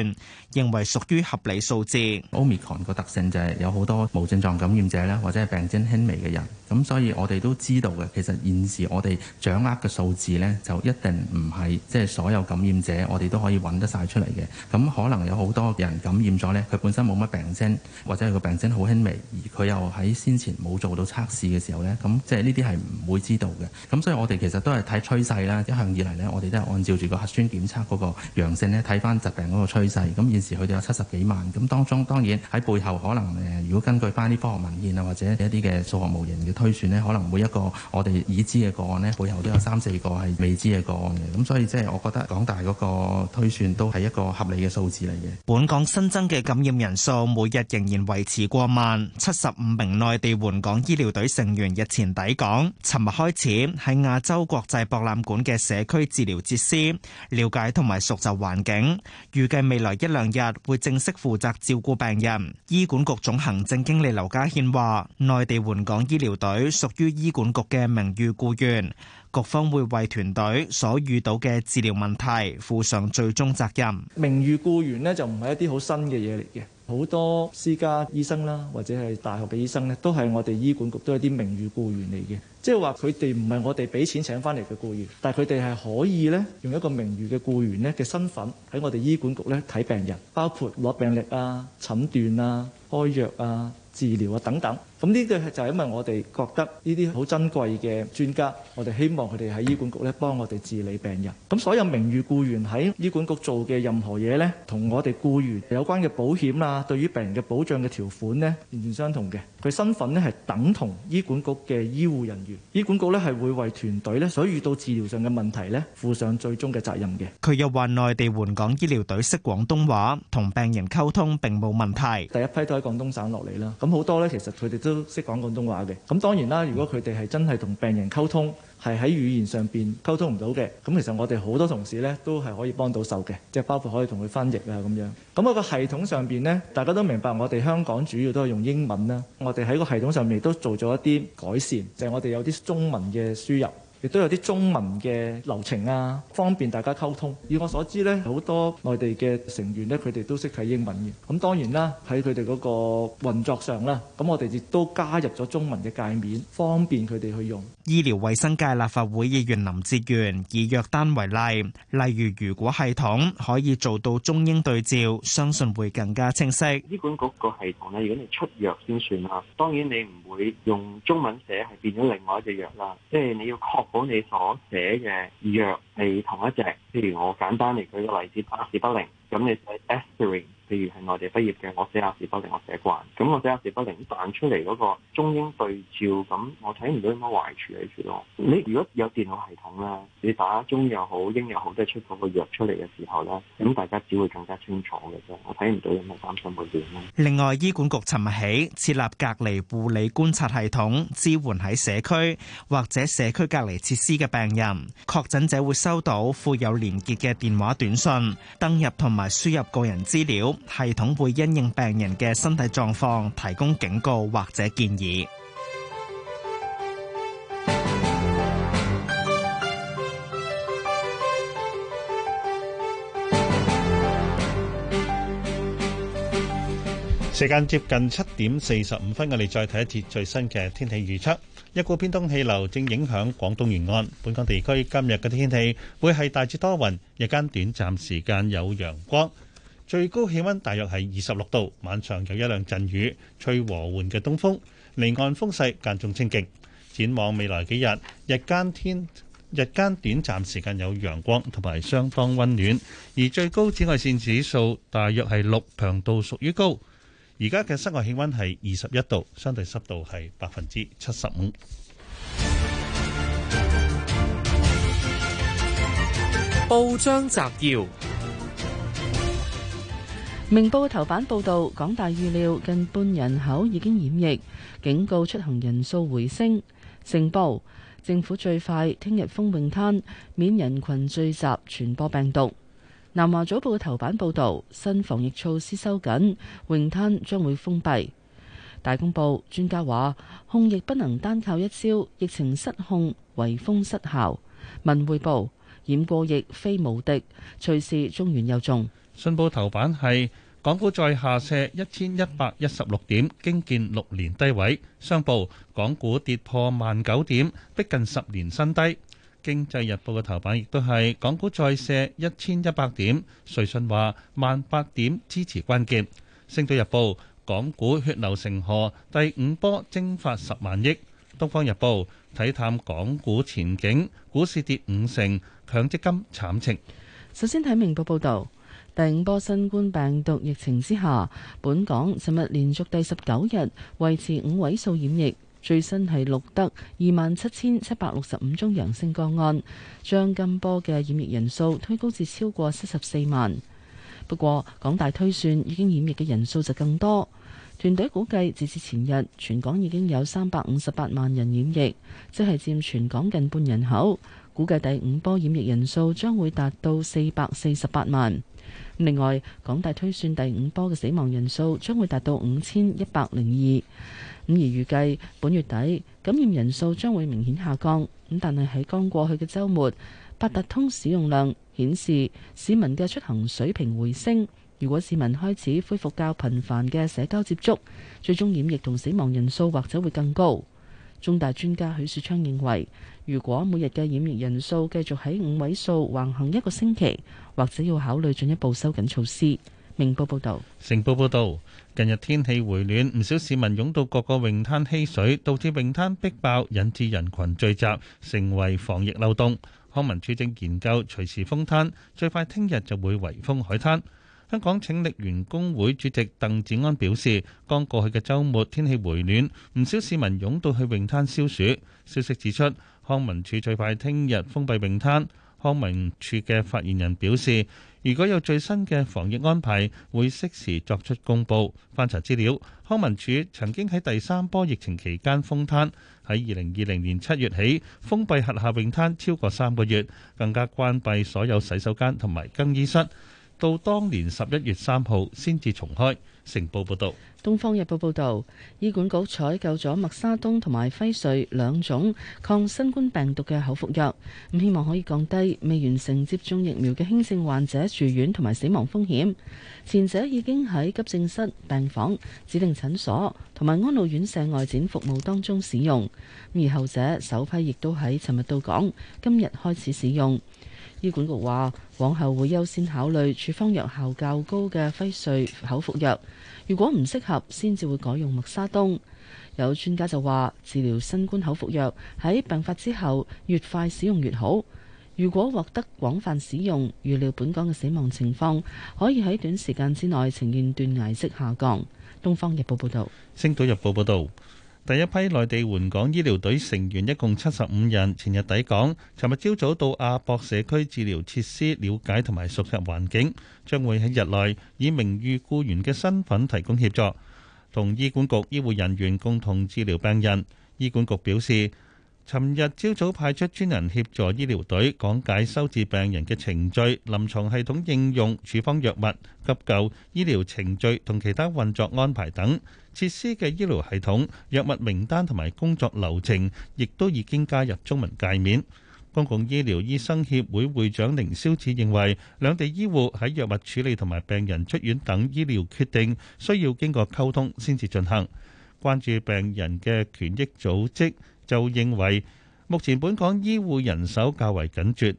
認為屬於合理數字。Omicron 個特性就係有好多無症狀感染者咧，或者係病徵輕微嘅人。咁所以我哋都知道嘅，其實現時我哋掌握嘅數字咧，就一定唔係，即係所有感染者我哋都可以揾得晒出嚟嘅。咁可能有好多人感染咗咧，佢本身冇乜病徵或者個病徵好輕微，而佢又喺先前冇做到測試嘅時候咧，咁即係呢啲係唔會知道嘅。咁所以我哋其實都係睇趨勢啦。向以嚟咧，我哋都係按照住個核酸檢測嗰個陽性呢，睇翻疾病嗰個趨勢。咁現時佢哋有七十幾萬，咁當中當然喺背後可能誒，如果根據翻啲科學文獻啊，或者一啲嘅數學模型嘅推算呢，可能每一個我哋已知嘅個案呢，背後都有三四個係未知嘅個案嘅。咁所以即係我覺得港大嗰個推算都係一個合理嘅數字嚟嘅。本港新增嘅感染人數每日仍然維持過萬，七十五名內地援港醫療隊成員日前抵港，尋日開始喺亞洲國際博覽館嘅社區治療設施，了解同埋熟習環境，預計未來一兩日會正式負責照顧病人。醫管局總行政經理劉家憲話，內地援港醫療隊屬於醫管局嘅名譽僱員，局方會為團隊所遇到嘅治療問題負上最終責任。名譽僱員咧就唔係一啲好新嘅嘢嚟嘅，好多私家醫生啦，或者係大學嘅醫生咧，都係我哋醫管局都係啲名譽僱員嚟嘅。即係話佢哋唔係我哋俾錢請返嚟嘅僱員，但係佢哋係可以咧用一個名譽嘅僱員咧嘅身份喺我哋醫管局咧睇病人，包括攞病歷啊、診斷啊、開藥啊、治療啊等等。咁呢個就係因為我哋覺得呢啲好珍貴嘅專家，我哋希望佢哋喺醫管局咧幫我哋治理病人。咁所有名譽僱員喺醫管局做嘅任何嘢咧，同我哋僱員有關嘅保險啦，對於病人嘅保障嘅條款咧，完全相同嘅。佢身份咧係等同醫管局嘅醫護人員。醫管局咧係會為團隊咧所遇到治療上嘅問題咧負上最終嘅責任嘅。佢又話：內地援港醫療隊識廣東話，同病人溝通並冇問題。第一批都喺廣東省落嚟啦，咁好多咧其實佢哋。都識講廣東話嘅，咁當然啦。如果佢哋係真係同病人溝通，係喺語言上邊溝通唔到嘅，咁其實我哋好多同事呢，都係可以幫到手嘅，即係包括可以同佢翻譯啊咁樣。咁喺個系統上邊呢，大家都明白，我哋香港主要都係用英文啦。我哋喺個系統上面都做咗一啲改善，就係我哋有啲中文嘅輸入。亦都有啲中文嘅流程啊，方便大家溝通，以我所知咧，好多內地嘅成員咧，佢哋都識睇英文嘅，咁當然啦，喺佢哋嗰個運作上咧，咁我哋亦都加入咗中文嘅界面，方便佢哋去用。醫療衛生界立法會議員林志源，以藥單為例，例如如果系統可以做到中英對照，相信會更加清晰。醫管局個系統咧，如果你出藥先算啦，當然你唔會用中文寫，係變咗另外一隻藥啦，即係你要確如果你所寫嘅藥係同一隻，譬如我簡單嚟舉個例子，阿士不靈，咁你寫 aspirin。譬如係內地畢業嘅，我寫阿士匹靈，我寫慣，咁我寫阿士匹靈彈出嚟嗰個中英對照，咁我睇唔到有乜壞處喺處咯。你如果有電腦系統啦，你打中又好，英又好，都係出嗰個藥出嚟嘅時候啦，咁大家只會更加清楚嘅啫。我睇唔到有冇擔心嗰啲咯。另外，醫管局尋日起設立隔離護理觀察系統，支援喺社區或者社區隔離設施嘅病人確診者，會收到附有連結嘅電話短信，登入同埋輸入個人資料。系統會因應病人嘅身體狀況提供警告或者建議。時間接近七點四十五分，我哋再睇一睇最新嘅天氣預測。一股偏東氣流正影響廣東沿岸本港地區，今日嘅天氣會係大致多雲，日間短暫時間有陽光。最高氣溫大約係二十六度，晚上有一兩陣雨，吹和緩嘅東風，離岸風勢間中清勁。展望未來幾日，日間天日間短暫時間有陽光，同埋相當溫暖，而最高紫外線指數大約係六強度，屬於高。而家嘅室外氣溫係二十一度，相對濕度係百分之七十五。報章摘要。明報嘅頭版報道，港大預料近半人口已經染疫，警告出行人數回升。成報，政府最快聽日封泳灘，免人群聚集傳播病毒。南華早報嘅頭版報道，新防疫措施收緊，泳灘將會封閉。大公報專家話，控疫不能單靠一招，疫情失控圍封失效。文匯報，染過疫非無敵，隨時中原又重。信報頭版係港股再下瀉一千一百一十六點，驚見六年低位。商報港股跌破萬九點，逼近十年新低。經濟日報嘅頭版亦都係港股再瀉一千一百點，瑞信話萬八點支持關鍵。星島日報港股血流成河，第五波蒸發十萬億。東方日報睇淡港股前景，股市跌五成，強積金慘情。首先睇明報報道。第五波新冠病毒疫情之下，本港尋日連續第十九日維持五位數染疫，最新係錄得二萬七千七百六十五宗陽性個案，將今波嘅染疫人數推高至超過七十四萬。不過，港大推算已經染疫嘅人數就更多，團隊估計截至前日全港已經有三百五十八萬人染疫，即係佔全港近半人口。估計第五波染疫人數將會達到四百四十八萬。另外，港大推算第五波嘅死亡人數將會達到五千一百零二，咁而預計本月底感染人數將會明顯下降。咁但係喺剛過去嘅周末，八達通使用量顯示市民嘅出行水平回升。如果市民開始恢復較頻繁嘅社交接觸，最終染疫同死亡人數或者會更高。中大專家許樹昌認為，如果每日嘅染疫人數繼續喺五位數橫行一個星期，或者要考慮進一步收緊措施。明報報道：「成報報導，近日天氣回暖，唔少市民湧到各個泳灘嬉水，導致泳灘逼爆，引致人群聚集，成為防疫漏洞。康文署正研究隨時封灘，最快聽日就會圍封海灘。香港請力員工會主席鄧志安表示，剛過去嘅週末天氣回暖，唔少市民湧到去泳灘消暑。消息指出，康文署最快聽日封閉泳灘。康文署嘅發言人表示，如果有最新嘅防疫安排，會適時作出公布。翻查資料，康文署曾經喺第三波疫情期間封灘，喺二零二零年七月起封閉轄下泳灘超過三個月，更加關閉所有洗手間同埋更衣室，到當年十一月三號先至重開。成報報導，《東方日報》報道，報報道醫管局採購咗麥沙東同埋輝瑞兩種抗新冠病毒嘅口服藥，咁希望可以降低未完成接種疫苗嘅輕症患者住院同埋死亡風險。前者已經喺急症室、病房、指定診所同埋安老院舍外展服務當中使用，而後者首批亦都喺尋日到港，今日開始使用。醫管局話，往後會優先考慮處方藥效較高嘅輝瑞口服藥，如果唔適合，先至會改用默沙東。有專家就話，治療新冠口服藥喺病發之後越快使用越好。如果獲得廣泛使用，預料本港嘅死亡情況可以喺短時間之內呈現斷崖式下降。東方日報報道，星島日報報道。第一批內地援港醫療隊成員一共七十五人，前日抵港，尋日朝早到亞博社區治療設施了解同埋熟悉環境，將會喺日內以名譽僱員嘅身份提供協助，同醫管局醫護人員共同治療病人。醫管局表示，尋日朝早派出專人協助醫療隊講解收治病人嘅程序、臨床系統應用、處方藥物、急救醫療程序同其他運作安排等。設施嘅醫療系統、藥物名單同埋工作流程，亦都已經加入中文界面。公共醫療醫生協會會長凌霄志認為，兩地醫護喺藥物處理同埋病人出院等醫療決定，需要經過溝通先至進行。關注病人嘅權益組織就認為。目前本港醫護人手較為緊缺，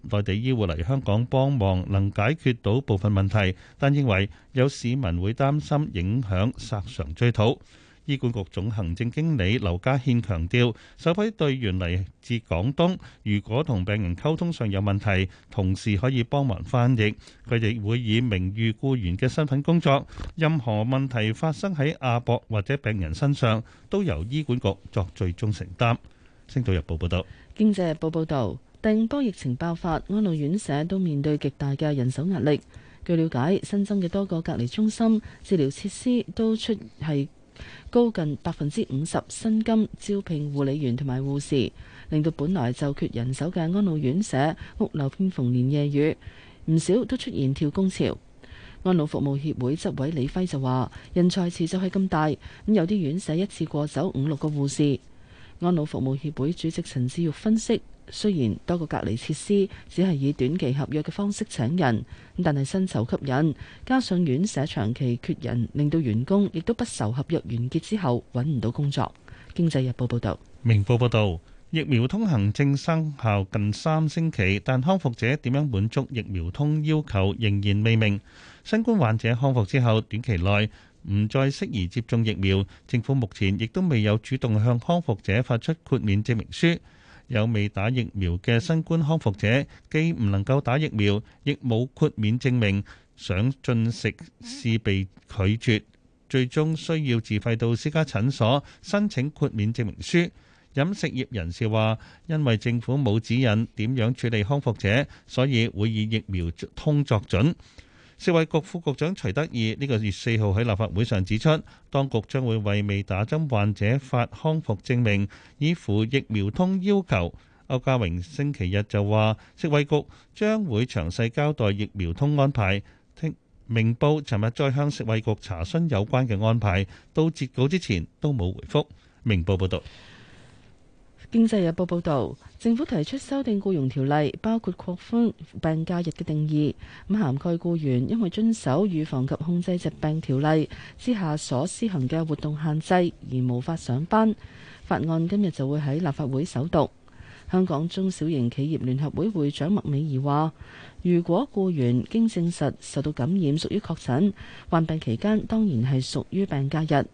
星島日報報道，經濟日報報道，第五波疫情爆發，安老院舍都面對極大嘅人手壓力。據了解，新增嘅多個隔離中心、治療設施都出係高近百分之五十薪金招聘護理員同埋護士，令到本來就缺人手嘅安老院舍屋漏偏逢連夜雨，唔少都出現跳工潮。安老服務協會執委李輝就話：人才池就係咁大，咁有啲院舍一次過走五六個護士。安老服務協會主席陳志育分析，雖然多個隔離設施只係以短期合約嘅方式請人，咁但係薪酬吸引，加上院舍長期缺人，令到員工亦都不愁合約完結之後揾唔到工作。經濟日報報道，明報報道，疫苗通行證生效近三星期，但康復者點樣滿足疫苗通要求仍然未明。新冠患者康復之後，短期內，唔再適宜接種疫苗，政府目前亦都未有主動向康復者發出豁免證明書。有未打疫苗嘅新冠康復者，既唔能夠打疫苗，亦冇豁免證明，想進食是被拒絕，最終需要自費到私家診所申請豁免證明書。飲食業人士話，因為政府冇指引點樣處理康復者，所以會以疫苗通作準。食衛局副局長徐德義呢個月四號喺立法會上指出，當局將會為未打針患者發康復證明，以符疫苗通要求。歐家榮星期日就話，食衛局將會詳細交代疫苗通安排。明報尋日再向食衛局查詢有關嘅安排，到截稿之前都冇回覆。明報報道。經濟日報報道，政府提出修訂僱傭條例，包括擴寬病假日嘅定義，咁涵蓋僱員因為遵守預防及控制疾病條例之下所施行嘅活動限制而無法上班。法案今日就會喺立法會首讀。香港中小型企業聯合會會長麥美儀話，如果僱員經證實受到感染屬於確診，患病期間當然係屬於病假日。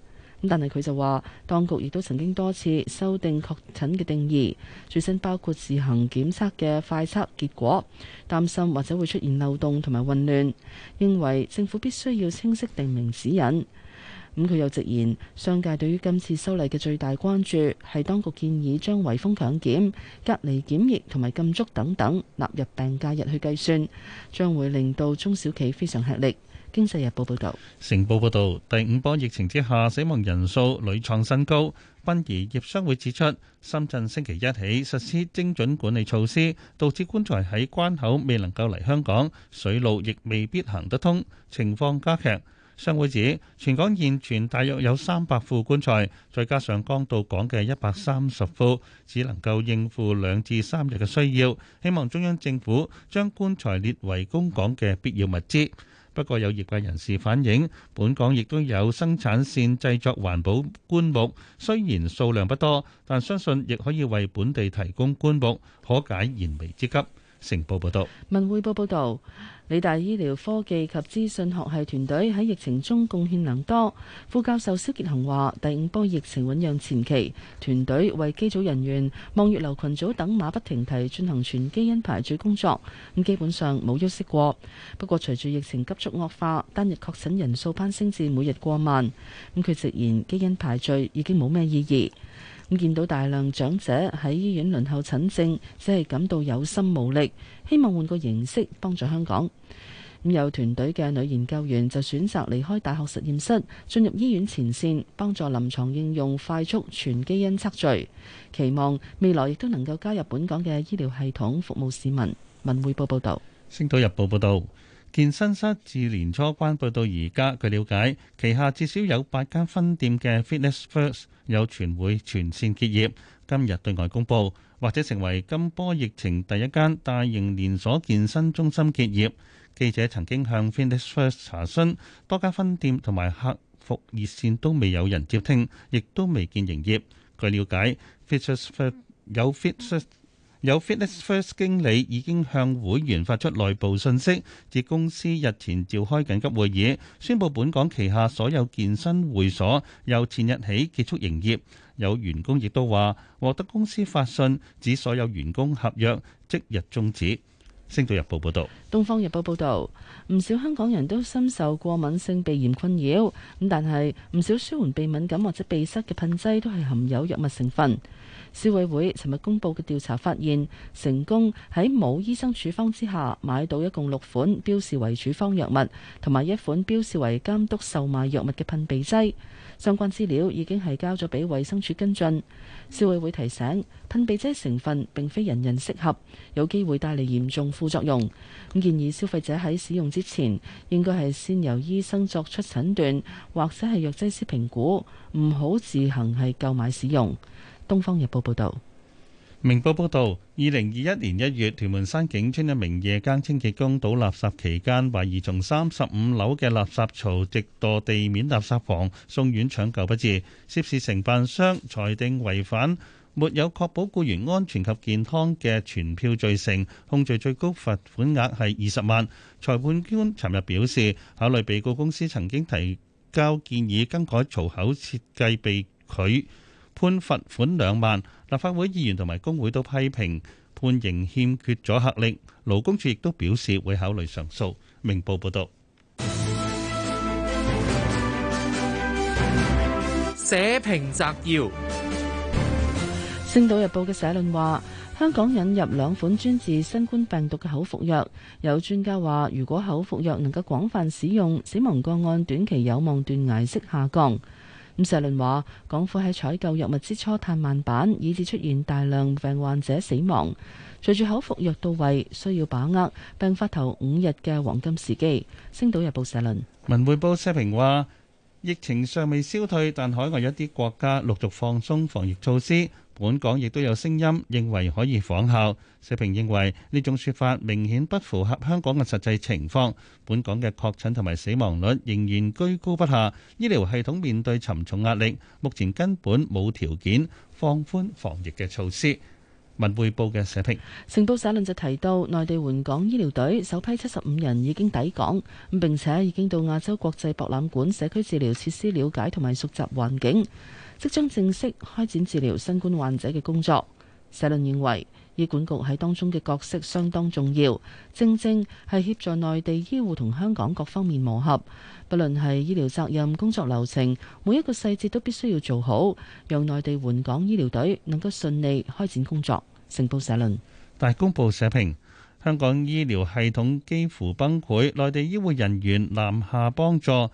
咁但係佢就話，當局亦都曾經多次修訂確診嘅定義，最新包括自行檢測嘅快測結果，擔心或者會出現漏洞同埋混亂，認為政府必須要清晰定明指引。咁、嗯、佢又直言，商界對於今次修例嘅最大關注係當局建議將違風強檢、隔離檢疫同埋禁足等等納入病假日去計算，將會令到中小企非常吃力。經濟日報報道，成報報道，第五波疫情之下，死亡人數屢創新高。殯儀業商會指出，深圳星期一起實施精準管理措施，導致棺材喺關口未能夠嚟香港，水路亦未必行得通，情況加劇。商會指，全港現存大約有三百副棺材，再加上剛到港嘅一百三十副，只能夠應付兩至三日嘅需要。希望中央政府將棺材列為供港嘅必要物資。不過有業界人士反映，本港亦都有生產線製作環保棺木，雖然數量不多，但相信亦可以為本地提供棺木，可解燃眉之急。成報報道。文匯報報道。理大醫療科技及資訊學系團隊喺疫情中貢獻良多。副教授蕭傑雄話：第五波疫情醞釀前期，團隊為機組人員、望月流群組等馬不停蹄進行全基因排序工作，咁基本上冇休息過。不過隨住疫情急速惡化，單日確診人數攀升至每日過萬，咁佢直言基因排序已經冇咩意義。咁見到大量長者喺醫院輪候診症，只係感到有心無力，希望換個形式幫助香港。咁有團隊嘅女研究員就選擇離開大學實驗室，進入醫院前線，幫助臨床應用快速全基因測序，期望未來亦都能夠加入本港嘅醫療系統服務市民。文匯報報，報，報道。《星島日報》報導。健身室自年初關閉到而家，據瞭解，旗下至少有八間分店嘅 Fitness First 有傳會全線結業。今日對外公佈，或者成為今波疫情第一間大型連鎖健身中心結業。記者曾經向 Fitness First 查詢，多家分店同埋客服熱線都未有人接聽，亦都未見營業。據瞭解，Fitness First 有 Fitness。有 Fitness First 經理已經向會員發出內部信息，指公司日前召開緊急會議，宣布本港旗下所有健身會所由前日起結束營業。有員工亦都話，獲得公司發信，指所有員工合約即日終止。星島日報報道，東方日報報道，唔少香港人都深受過敏性鼻炎困擾，咁但係唔少舒緩鼻敏感或者鼻塞嘅噴劑都係含有藥物成分。消委會尋日公布嘅調查發現，成功喺冇醫生處方之下買到一共六款標示為處方藥物，同埋一款標示為監督售賣藥物嘅噴鼻劑，相關資料已經係交咗俾衛生署跟進。消委會提醒，噴鼻劑成分並非人人適合，有機會帶嚟嚴重副作用。咁建議消費者喺使用之前應該係先由醫生作出診斷或者係藥劑師評估，唔好自行係購買使用。東方日報報道，明報報道，二零二一年一月，屯門山景村一名夜間清潔工倒垃圾期間，懷疑從三十五樓嘅垃圾槽直墮地面垃圾房，送院搶救不治，涉事承辦商裁定違反沒有確保僱員安全及健康嘅全票罪成，控罪最高罰款額係二十萬。裁判官尋日表示，考慮被告公司曾經提交建議更改槽口設計被拒，判罰款兩萬，立法會議員同埋工會都批評判刑欠缺阻嚇力。勞工處亦都表示會考慮上訴。明報報導。社評摘要，《星島日報》嘅社論話：香港引入兩款專治新冠病毒嘅口服藥，有專家話，如果口服藥能夠廣泛使用，死亡個案短期有望斷崖式下降。伍石麟話：港府喺採購藥物之初太慢板，以致出現大量病患者死亡。隨住口服藥到位，需要把握病發頭五日嘅黃金時機。星島日報社論。文匯報社評話：疫情尚未消退，但海外一啲國家陸續放鬆防疫措施。本港亦都有聲音認為可以仿效，社評認為呢種說法明顯不符合香港嘅實際情況。本港嘅確診同埋死亡率仍然居高不下，醫療系統面對沉重壓力，目前根本冇條件放寬防疫嘅措施。文匯報嘅社評，成報社論就提到，內地援港醫療隊首批七十五人已經抵港，咁並且已經到亞洲國際博覽館社區治療設施了解同埋熟習環境。即將正式開展治療新冠患者嘅工作。社論認為，醫管局喺當中嘅角色相當重要，正正係協助內地醫護同香港各方面磨合。不論係醫療責任、工作流程，每一個細節都必須要做好，讓內地援港醫療隊能夠順利開展工作。成報社論，大公報社評：香港醫療系統幾乎崩潰，內地醫護人員南下幫助。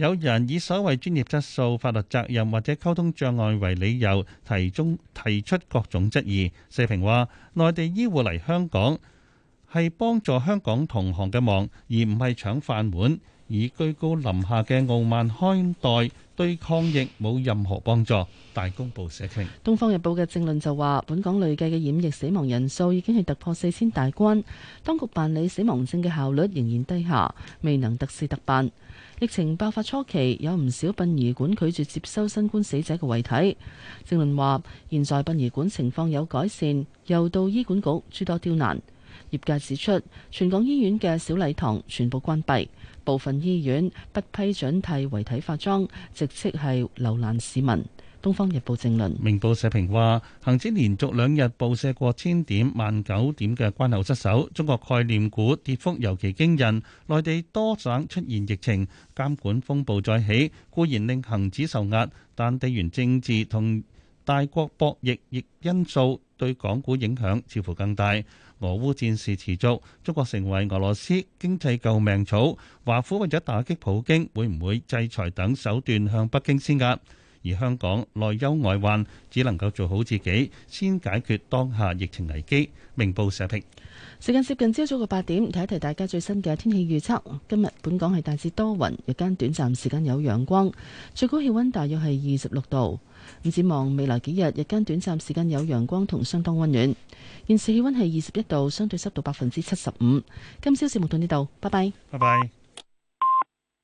有人以所謂專業質素、法律責任或者溝通障礙為理由，提中提出各種質疑。社評話：內地醫護嚟香港係幫助香港同行嘅忙，而唔係搶飯碗。以居高臨下嘅傲慢看待，對抗疫冇任何幫助。大公報社評。《東方日報》嘅政論就話：本港累計嘅染疫死亡人數已經係突破四千大關，當局辦理死亡證嘅效率仍然低下，未能特事特辦。疫情爆發初期，有唔少殯儀館拒絕接收新冠死者嘅遺體。正論話，現在殯儀館情況有改善，又到醫管局諸多刁難。業界指出，全港醫院嘅小禮堂全部關閉，部分醫院不批准替遺體化妝，直斥係流難市民。.《東方日報》正論，明報社評話，恒指連續兩日暴瀉過千點、萬九點嘅關口失守，中國概念股跌幅尤其驚人。內地多省出現疫情，監管風暴再起，固然令恒指受壓，但地緣政治同大國博弈亦因素對港股影響似乎更大。俄烏戰事持續，中國成為俄羅斯經濟救命草。華府為咗打擊普京，會唔會制裁等手段向北京施壓？而香港內憂外患，只能夠做好自己，先解決當下疫情危機。明報社評。時間接近朝早嘅八點，睇一睇大家最新嘅天氣預測。今日本港係大致多雲，日間短暫時間有陽光，最高氣温大約係二十六度。唔展望未來幾日日間短暫時間有陽光同相當温暖。現時氣温係二十一度，相對濕度百分之七十五。今朝節目到呢度，拜拜。拜拜。